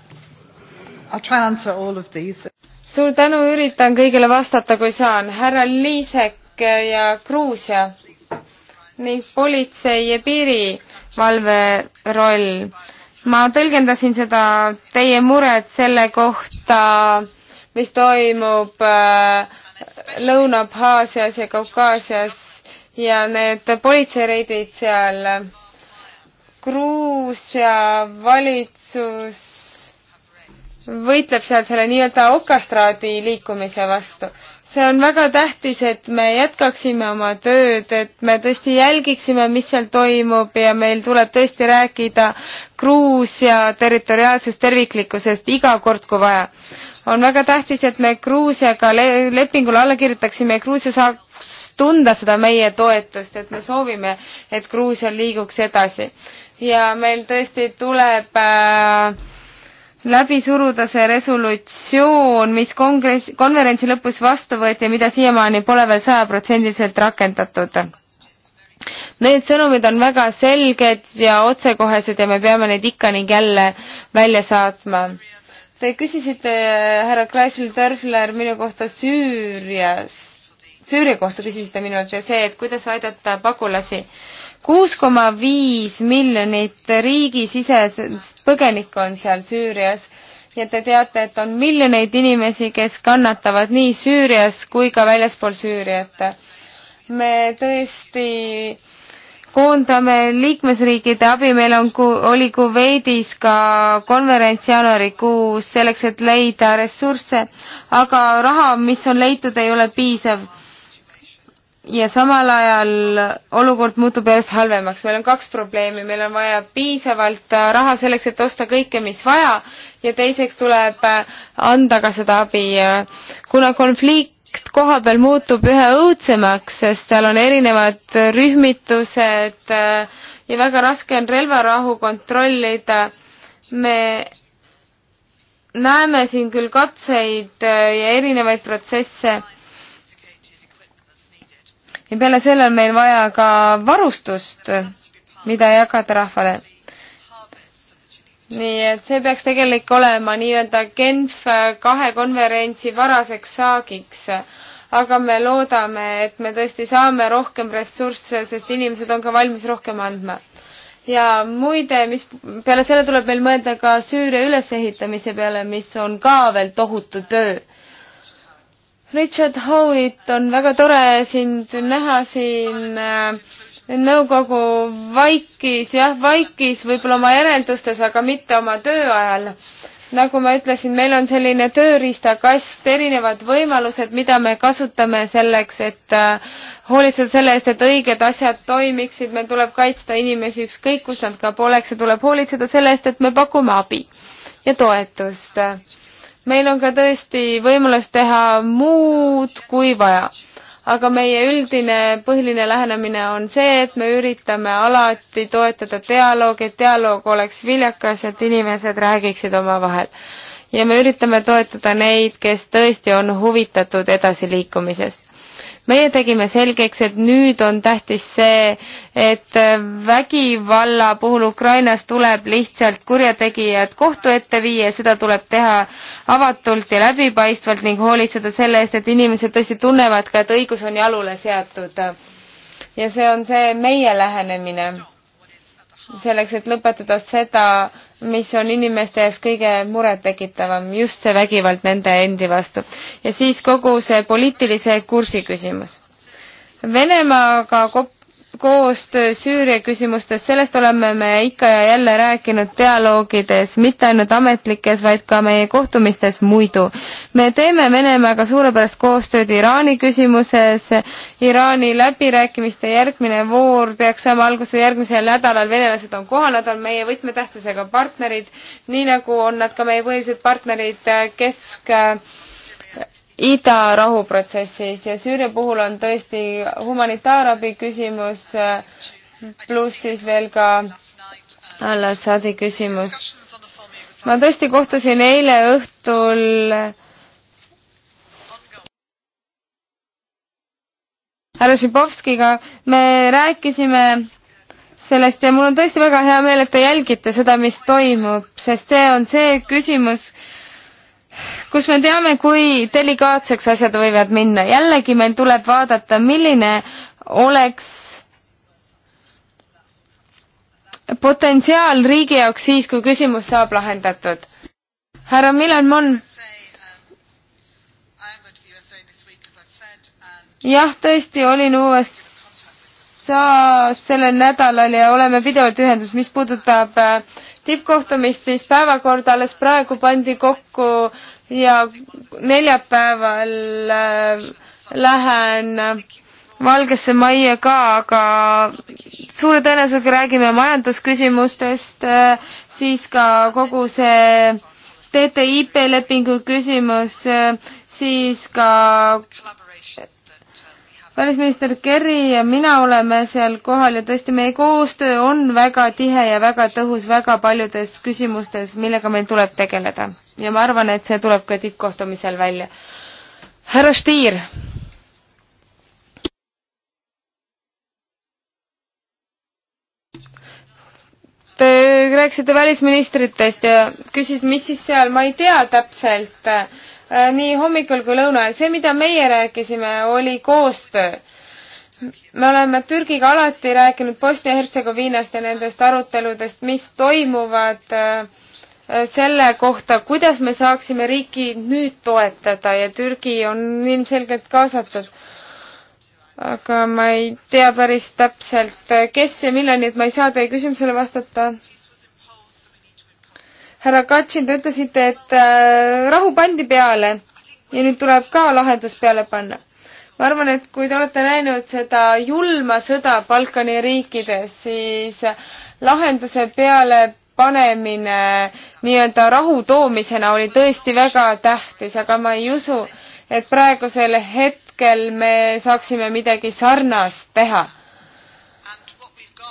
I'll try and answer all of these. suur tänu, üritan kõigile vastata, kui saan. härra Liisek Iraanik ja Gruusia ning politsei ja piirivalve roll. ma tõlgendasin seda teie muret selle kohta, mis toimub äh, Lõuna-Abhaasias ja Kaukaasias ja need politseireidid seal. Gruusia valitsus võitleb seal selle nii-öelda okastraadi liikumise vastu see on väga tähtis, et me jätkaksime oma tööd, et me tõesti jälgiksime, mis seal toimub ja meil tuleb tõesti rääkida Gruusia territoriaalsest terviklikkusest iga kord, kui vaja. on väga tähtis, et me Gruusiaga le lepingule alla kirjutaksime ja Gruusia saaks tunda seda meie toetust, et me soovime, et Gruusia liiguks edasi. ja meil tõesti tuleb äh, läbi suruda see resolutsioon, mis kongress, konverentsi lõpus vastu võeti ja mida siiamaani pole veel sajaprotsendiliselt rakendatud. Need sõnumid on väga selged ja otsekohesed ja me peame neid ikka ning jälle välja saatma. Te küsisite, härra Klaas-Dörfler, minu kohta Süürias Süüria kohta küsisite minult ja see, et kuidas aidata pagulasi kuus koma viis miljonit riigisisesest põgenikku on seal Süürias ja te teate, et on miljoneid inimesi, kes kannatavad nii Süürias kui ka väljaspool Süüriat. me tõesti koondame liikmesriikide abi, meil on, oli Kuveidis ka konverents jaanuarikuus selleks, et leida ressursse, aga raha, mis on leitud, ei ole piisav ja samal ajal olukord muutub järjest halvemaks. meil on kaks probleemi, meil on vaja piisavalt äh, raha selleks, et osta kõike, mis vaja ja teiseks tuleb äh, anda ka seda abi. kuna konflikt koha peal muutub üha õudsemaks, sest seal on erinevad rühmitused äh, ja väga raske on relvarahu kontrollida, me näeme siin küll katseid ja erinevaid protsesse ja peale selle on meil vaja ka varustust, mida jagada rahvale. nii et see peaks tegelik olema nii-öelda Genf kahe konverentsi varaseks saagiks aga me loodame, et me tõesti saame rohkem ressursse, sest inimesed on ka valmis rohkem andma. ja muide, mis peale selle tuleb meil mõelda ka Süüria ülesehitamise peale, mis on ka veel tohutu töö. Richard Howitt, on väga tore sind näha siin äh, nõukogu vaikis, jah, vaikis võib-olla oma järeldustes, aga mitte oma töö ajal. nagu ma ütlesin, meil on selline tööriistakast, erinevad võimalused, mida me kasutame selleks, et äh, hoolitseda selle eest, et õiged asjad toimiksid, meil tuleb kaitsta inimesi ükskõik, kus nad ka poleks ja tuleb hoolitseda selle eest, et me pakume abi ja toetust meil on ka tõesti võimalus teha muud, kui vaja. aga meie üldine põhiline lähenemine on see, et me üritame alati toetada dialoogi, et dialoog oleks viljakas, et inimesed räägiksid omavahel. ja me üritame toetada neid, kes tõesti on huvitatud edasiliikumisest meie tegime selgeks, et nüüd on tähtis see, et vägivalla puhul Ukrainas tuleb lihtsalt kurjategijad kohtu ette viia ja seda tuleb teha avatult ja läbipaistvalt ning hoolitseda selle eest, et inimesed tõesti tunnevad ka, et õigus on jalule seatud. ja see on see meie lähenemine selleks, et lõpetada seda, mis on inimeste jaoks kõige murettekitavam, just see vägivald nende endi vastu. ja siis kogu see poliitilise kursi küsimus. Venemaaga koostöö Süüria küsimustes, sellest oleme me ikka ja jälle rääkinud dialoogides, mitte ainult ametlikes, vaid ka meie kohtumistes muidu. me teeme Venemaaga suurepärast koostööd Iraani küsimuses. Iraani läbirääkimiste järgmine voor peaks saama alguse järgmisel nädalal, venelased on kohal, nad on meie võtmetähtsusega partnerid, nii nagu on nad ka meie põhilised partnerid Kesk Ida rahuprotsessis ja Süüria puhul on tõesti humanitaarabi küsimus, pluss siis veel ka Al-Assadi küsimus. ma tõesti kohtusin eile õhtul härra Šibovskiga, me rääkisime sellest ja mul on tõesti väga hea meel, et te jälgite seda, mis toimub, sest see on see küsimus, kus me teame, kui delikaatseks asjad võivad minna. jällegi meil tuleb vaadata, milline oleks potentsiaal riigi jaoks siis, kui küsimus saab lahendatud. härra Milan Mon. jah, tõesti olin USA-s sellel nädalal ja oleme pidevalt ühendus, mis puudutab äh, tippkohtumist, siis päevakord alles praegu pandi kokku ja neljapäeval äh, lähen Valgesse Majja ka, aga suure tõenäosusega räägime majandusküsimustest, äh, siis ka kogu see TTIP lepingu küsimus, äh, siis ka välisminister Kerry ja mina oleme seal kohal ja tõesti, meie koostöö on väga tihe ja väga tõhus väga paljudes küsimustes, millega meil tuleb tegeleda. ja ma arvan, et see tuleb ka tippkohtumisel välja. härra Stier te rääkisite välisministritest ja küsisite, mis siis seal, ma ei tea täpselt, Äh, nii hommikul kui lõuna ajal. see, mida meie rääkisime, oli koostöö. me oleme Türgiga alati rääkinud Bosnia-Hertsegoviinast ja nendest aruteludest, mis toimuvad äh, selle kohta, kuidas me saaksime riiki nüüd toetada ja Türgi on ilmselgelt kaasatud aga ma ei tea päris täpselt, kes ja millal, nii et ma ei saa teie küsimusele vastata härra Katšin, te ütlesite, et äh, rahu pandi peale ja nüüd tuleb ka lahendus peale panna. ma arvan, et kui te olete näinud seda julma sõda Balkani riikides, siis lahenduse peale panemine nii-öelda rahu toomisena oli tõesti väga tähtis, aga ma ei usu, et praegusel hetkel me saaksime midagi sarnast teha.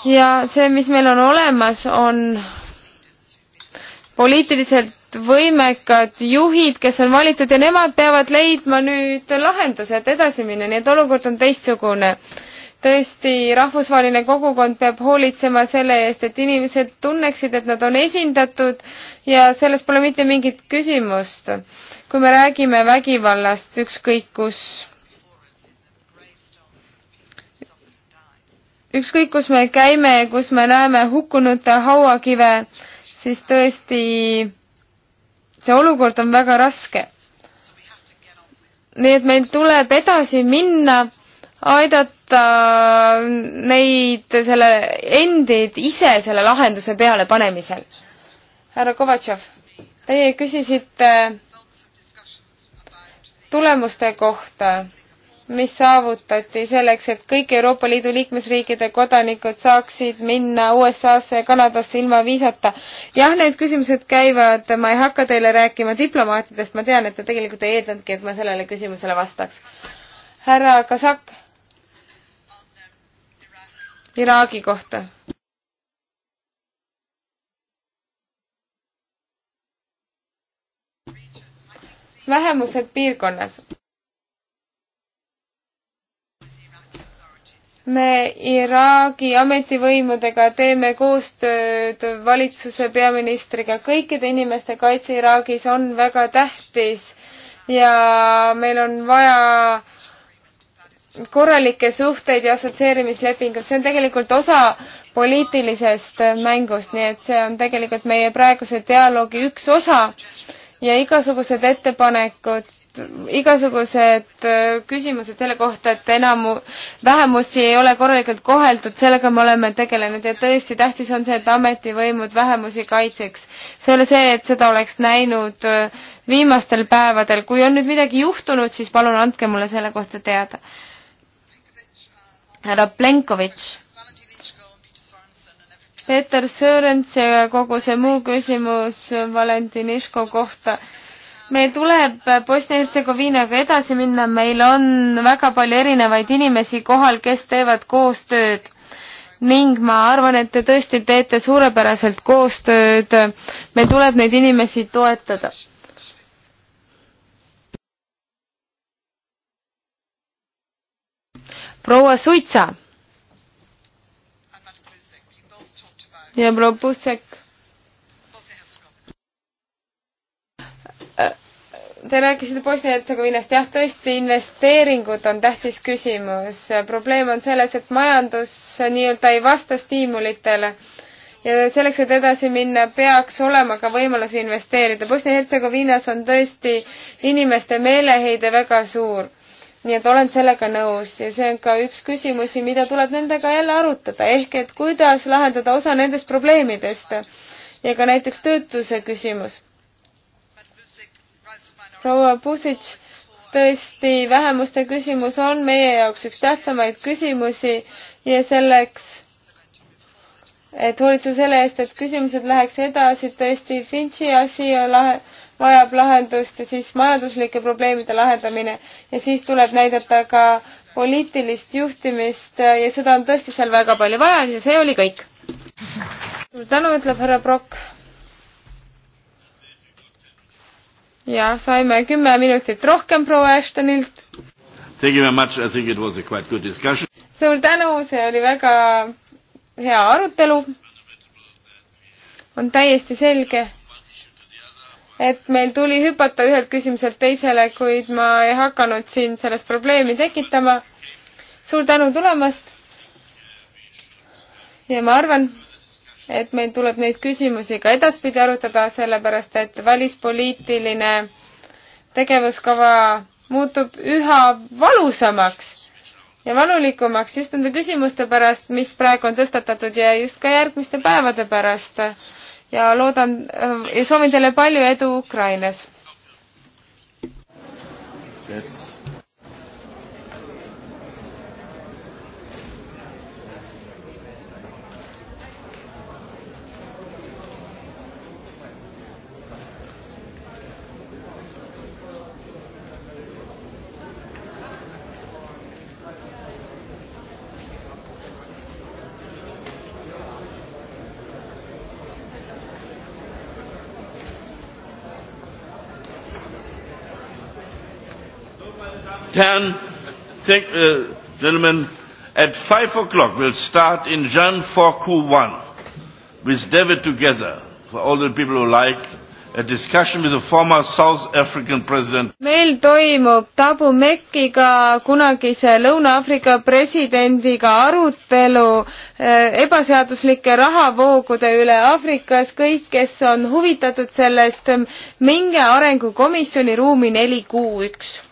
ja see, mis meil on olemas, on poliitiliselt võimekad juhid, kes on valitud ja nemad peavad leidma nüüd lahenduse, et edasi minna, nii et olukord on teistsugune. tõesti, rahvusvaheline kogukond peab hoolitsema selle eest, et inimesed tunneksid, et nad on esindatud ja selles pole mitte mingit küsimust. kui me räägime vägivallast ükskõik kus ükskõik kus me käime, kus me näeme hukkunute hauakive, siis tõesti see olukord on väga raske. nii et meil tuleb edasi minna, aidata neid selle endid ise selle lahenduse peale panemisel. härra Kovatšov, teie küsisite tulemuste kohta mis saavutati selleks, et kõik Euroopa Liidu liikmesriikide kodanikud saaksid minna USA-sse ja Kanadasse ilma viisata. jah, need küsimused käivad, ma ei hakka teile rääkima diplomaatidest, ma tean, et te tegelikult ei eeldanudki, et ma sellele küsimusele vastaks. härra Kasak. Iraagi kohta. vähemused piirkonnas me Iraagi ametivõimudega teeme koostööd valitsuse peaministriga, kõikide inimeste kaitse Iraagis on väga tähtis ja meil on vaja korralikke suhteid ja assotsieerimislepingut, see on tegelikult osa poliitilisest mängust, nii et see on tegelikult meie praeguse dialoogi üks osa ja igasugused ettepanekud igasugused äh, küsimused selle kohta, et enam, vähemusi ei ole korralikult koheldud, sellega me oleme tegelenud ja tõesti tähtis on see, et ametivõimud vähemusi kaitseks. see ei ole see, et seda oleks näinud äh, viimastel päevadel. kui on nüüd midagi juhtunud, siis palun andke mulle selle kohta teada. härra Plenkovitš. Peeter Sörens ja kogu see muu küsimus Valentin Iško kohta meil tuleb Bosnia-Hertsegoviinaga edasi minna, meil on väga palju erinevaid inimesi kohal, kes teevad koostööd ning ma arvan, et te tõesti teete suurepäraselt koostööd. meil tuleb neid inimesi toetada. proua Suitsa. ja proua Pussek Te rääkisite Bosnia-Hertsegoviinast, jah, tõesti, investeeringud on tähtis küsimus. probleem on selles, et majandus nii-öelda ei vasta stiimulitele ja selleks, et edasi minna, peaks olema ka võimalus investeerida. Bosnia-Hertsegoviinas on tõesti inimeste meeleheide väga suur. nii et olen sellega nõus ja see on ka üks küsimusi, mida tuleb nendega jälle arutada, ehk et kuidas lahendada osa nendest probleemidest ja ka näiteks töötuse küsimus proua Pusic, tõesti, vähemuste küsimus on meie jaoks üks tähtsamaid küsimusi ja selleks, et hoolitseda selle eest, et küsimused läheks edasi, tõesti Finchi asi lahe, vajab lahendust ja siis majanduslike probleemide lahendamine ja siis tuleb näidata ka poliitilist juhtimist ja seda on tõesti seal väga palju vaja ja see oli kõik. suur tänu, ütleb härra Brock ja saime kümme minutit rohkem proua Ashtonilt. suur tänu, see oli väga hea arutelu. on täiesti selge, et meil tuli hüpata ühelt küsimuselt teisele, kuid ma ei hakanud siin sellest probleemi tekitama. suur tänu tulemast. ja ma arvan, et meil tuleb neid küsimusi ka edaspidi arutada, sellepärast et välispoliitiline tegevuskava muutub üha valusamaks ja valulikumaks just nende küsimuste pärast, mis praegu on tõstatatud ja just ka järgmiste päevade pärast. ja loodan äh, ja soovin teile palju edu Ukrainas. That's Herren, thank, uh, gentlemen, at 5 o'clock we'll start in Jean Forcu 1 with David together, for all the people who like, a discussion with the former South African president. meil toimub Tabu Mekiga, kunagise Lõuna-Aafrika presidendiga arutelu äh, ebaseaduslike rahavoogude üle Aafrikas. kõik, kes on huvitatud sellest, minge arengukomisjoni ruumi neli kuu üks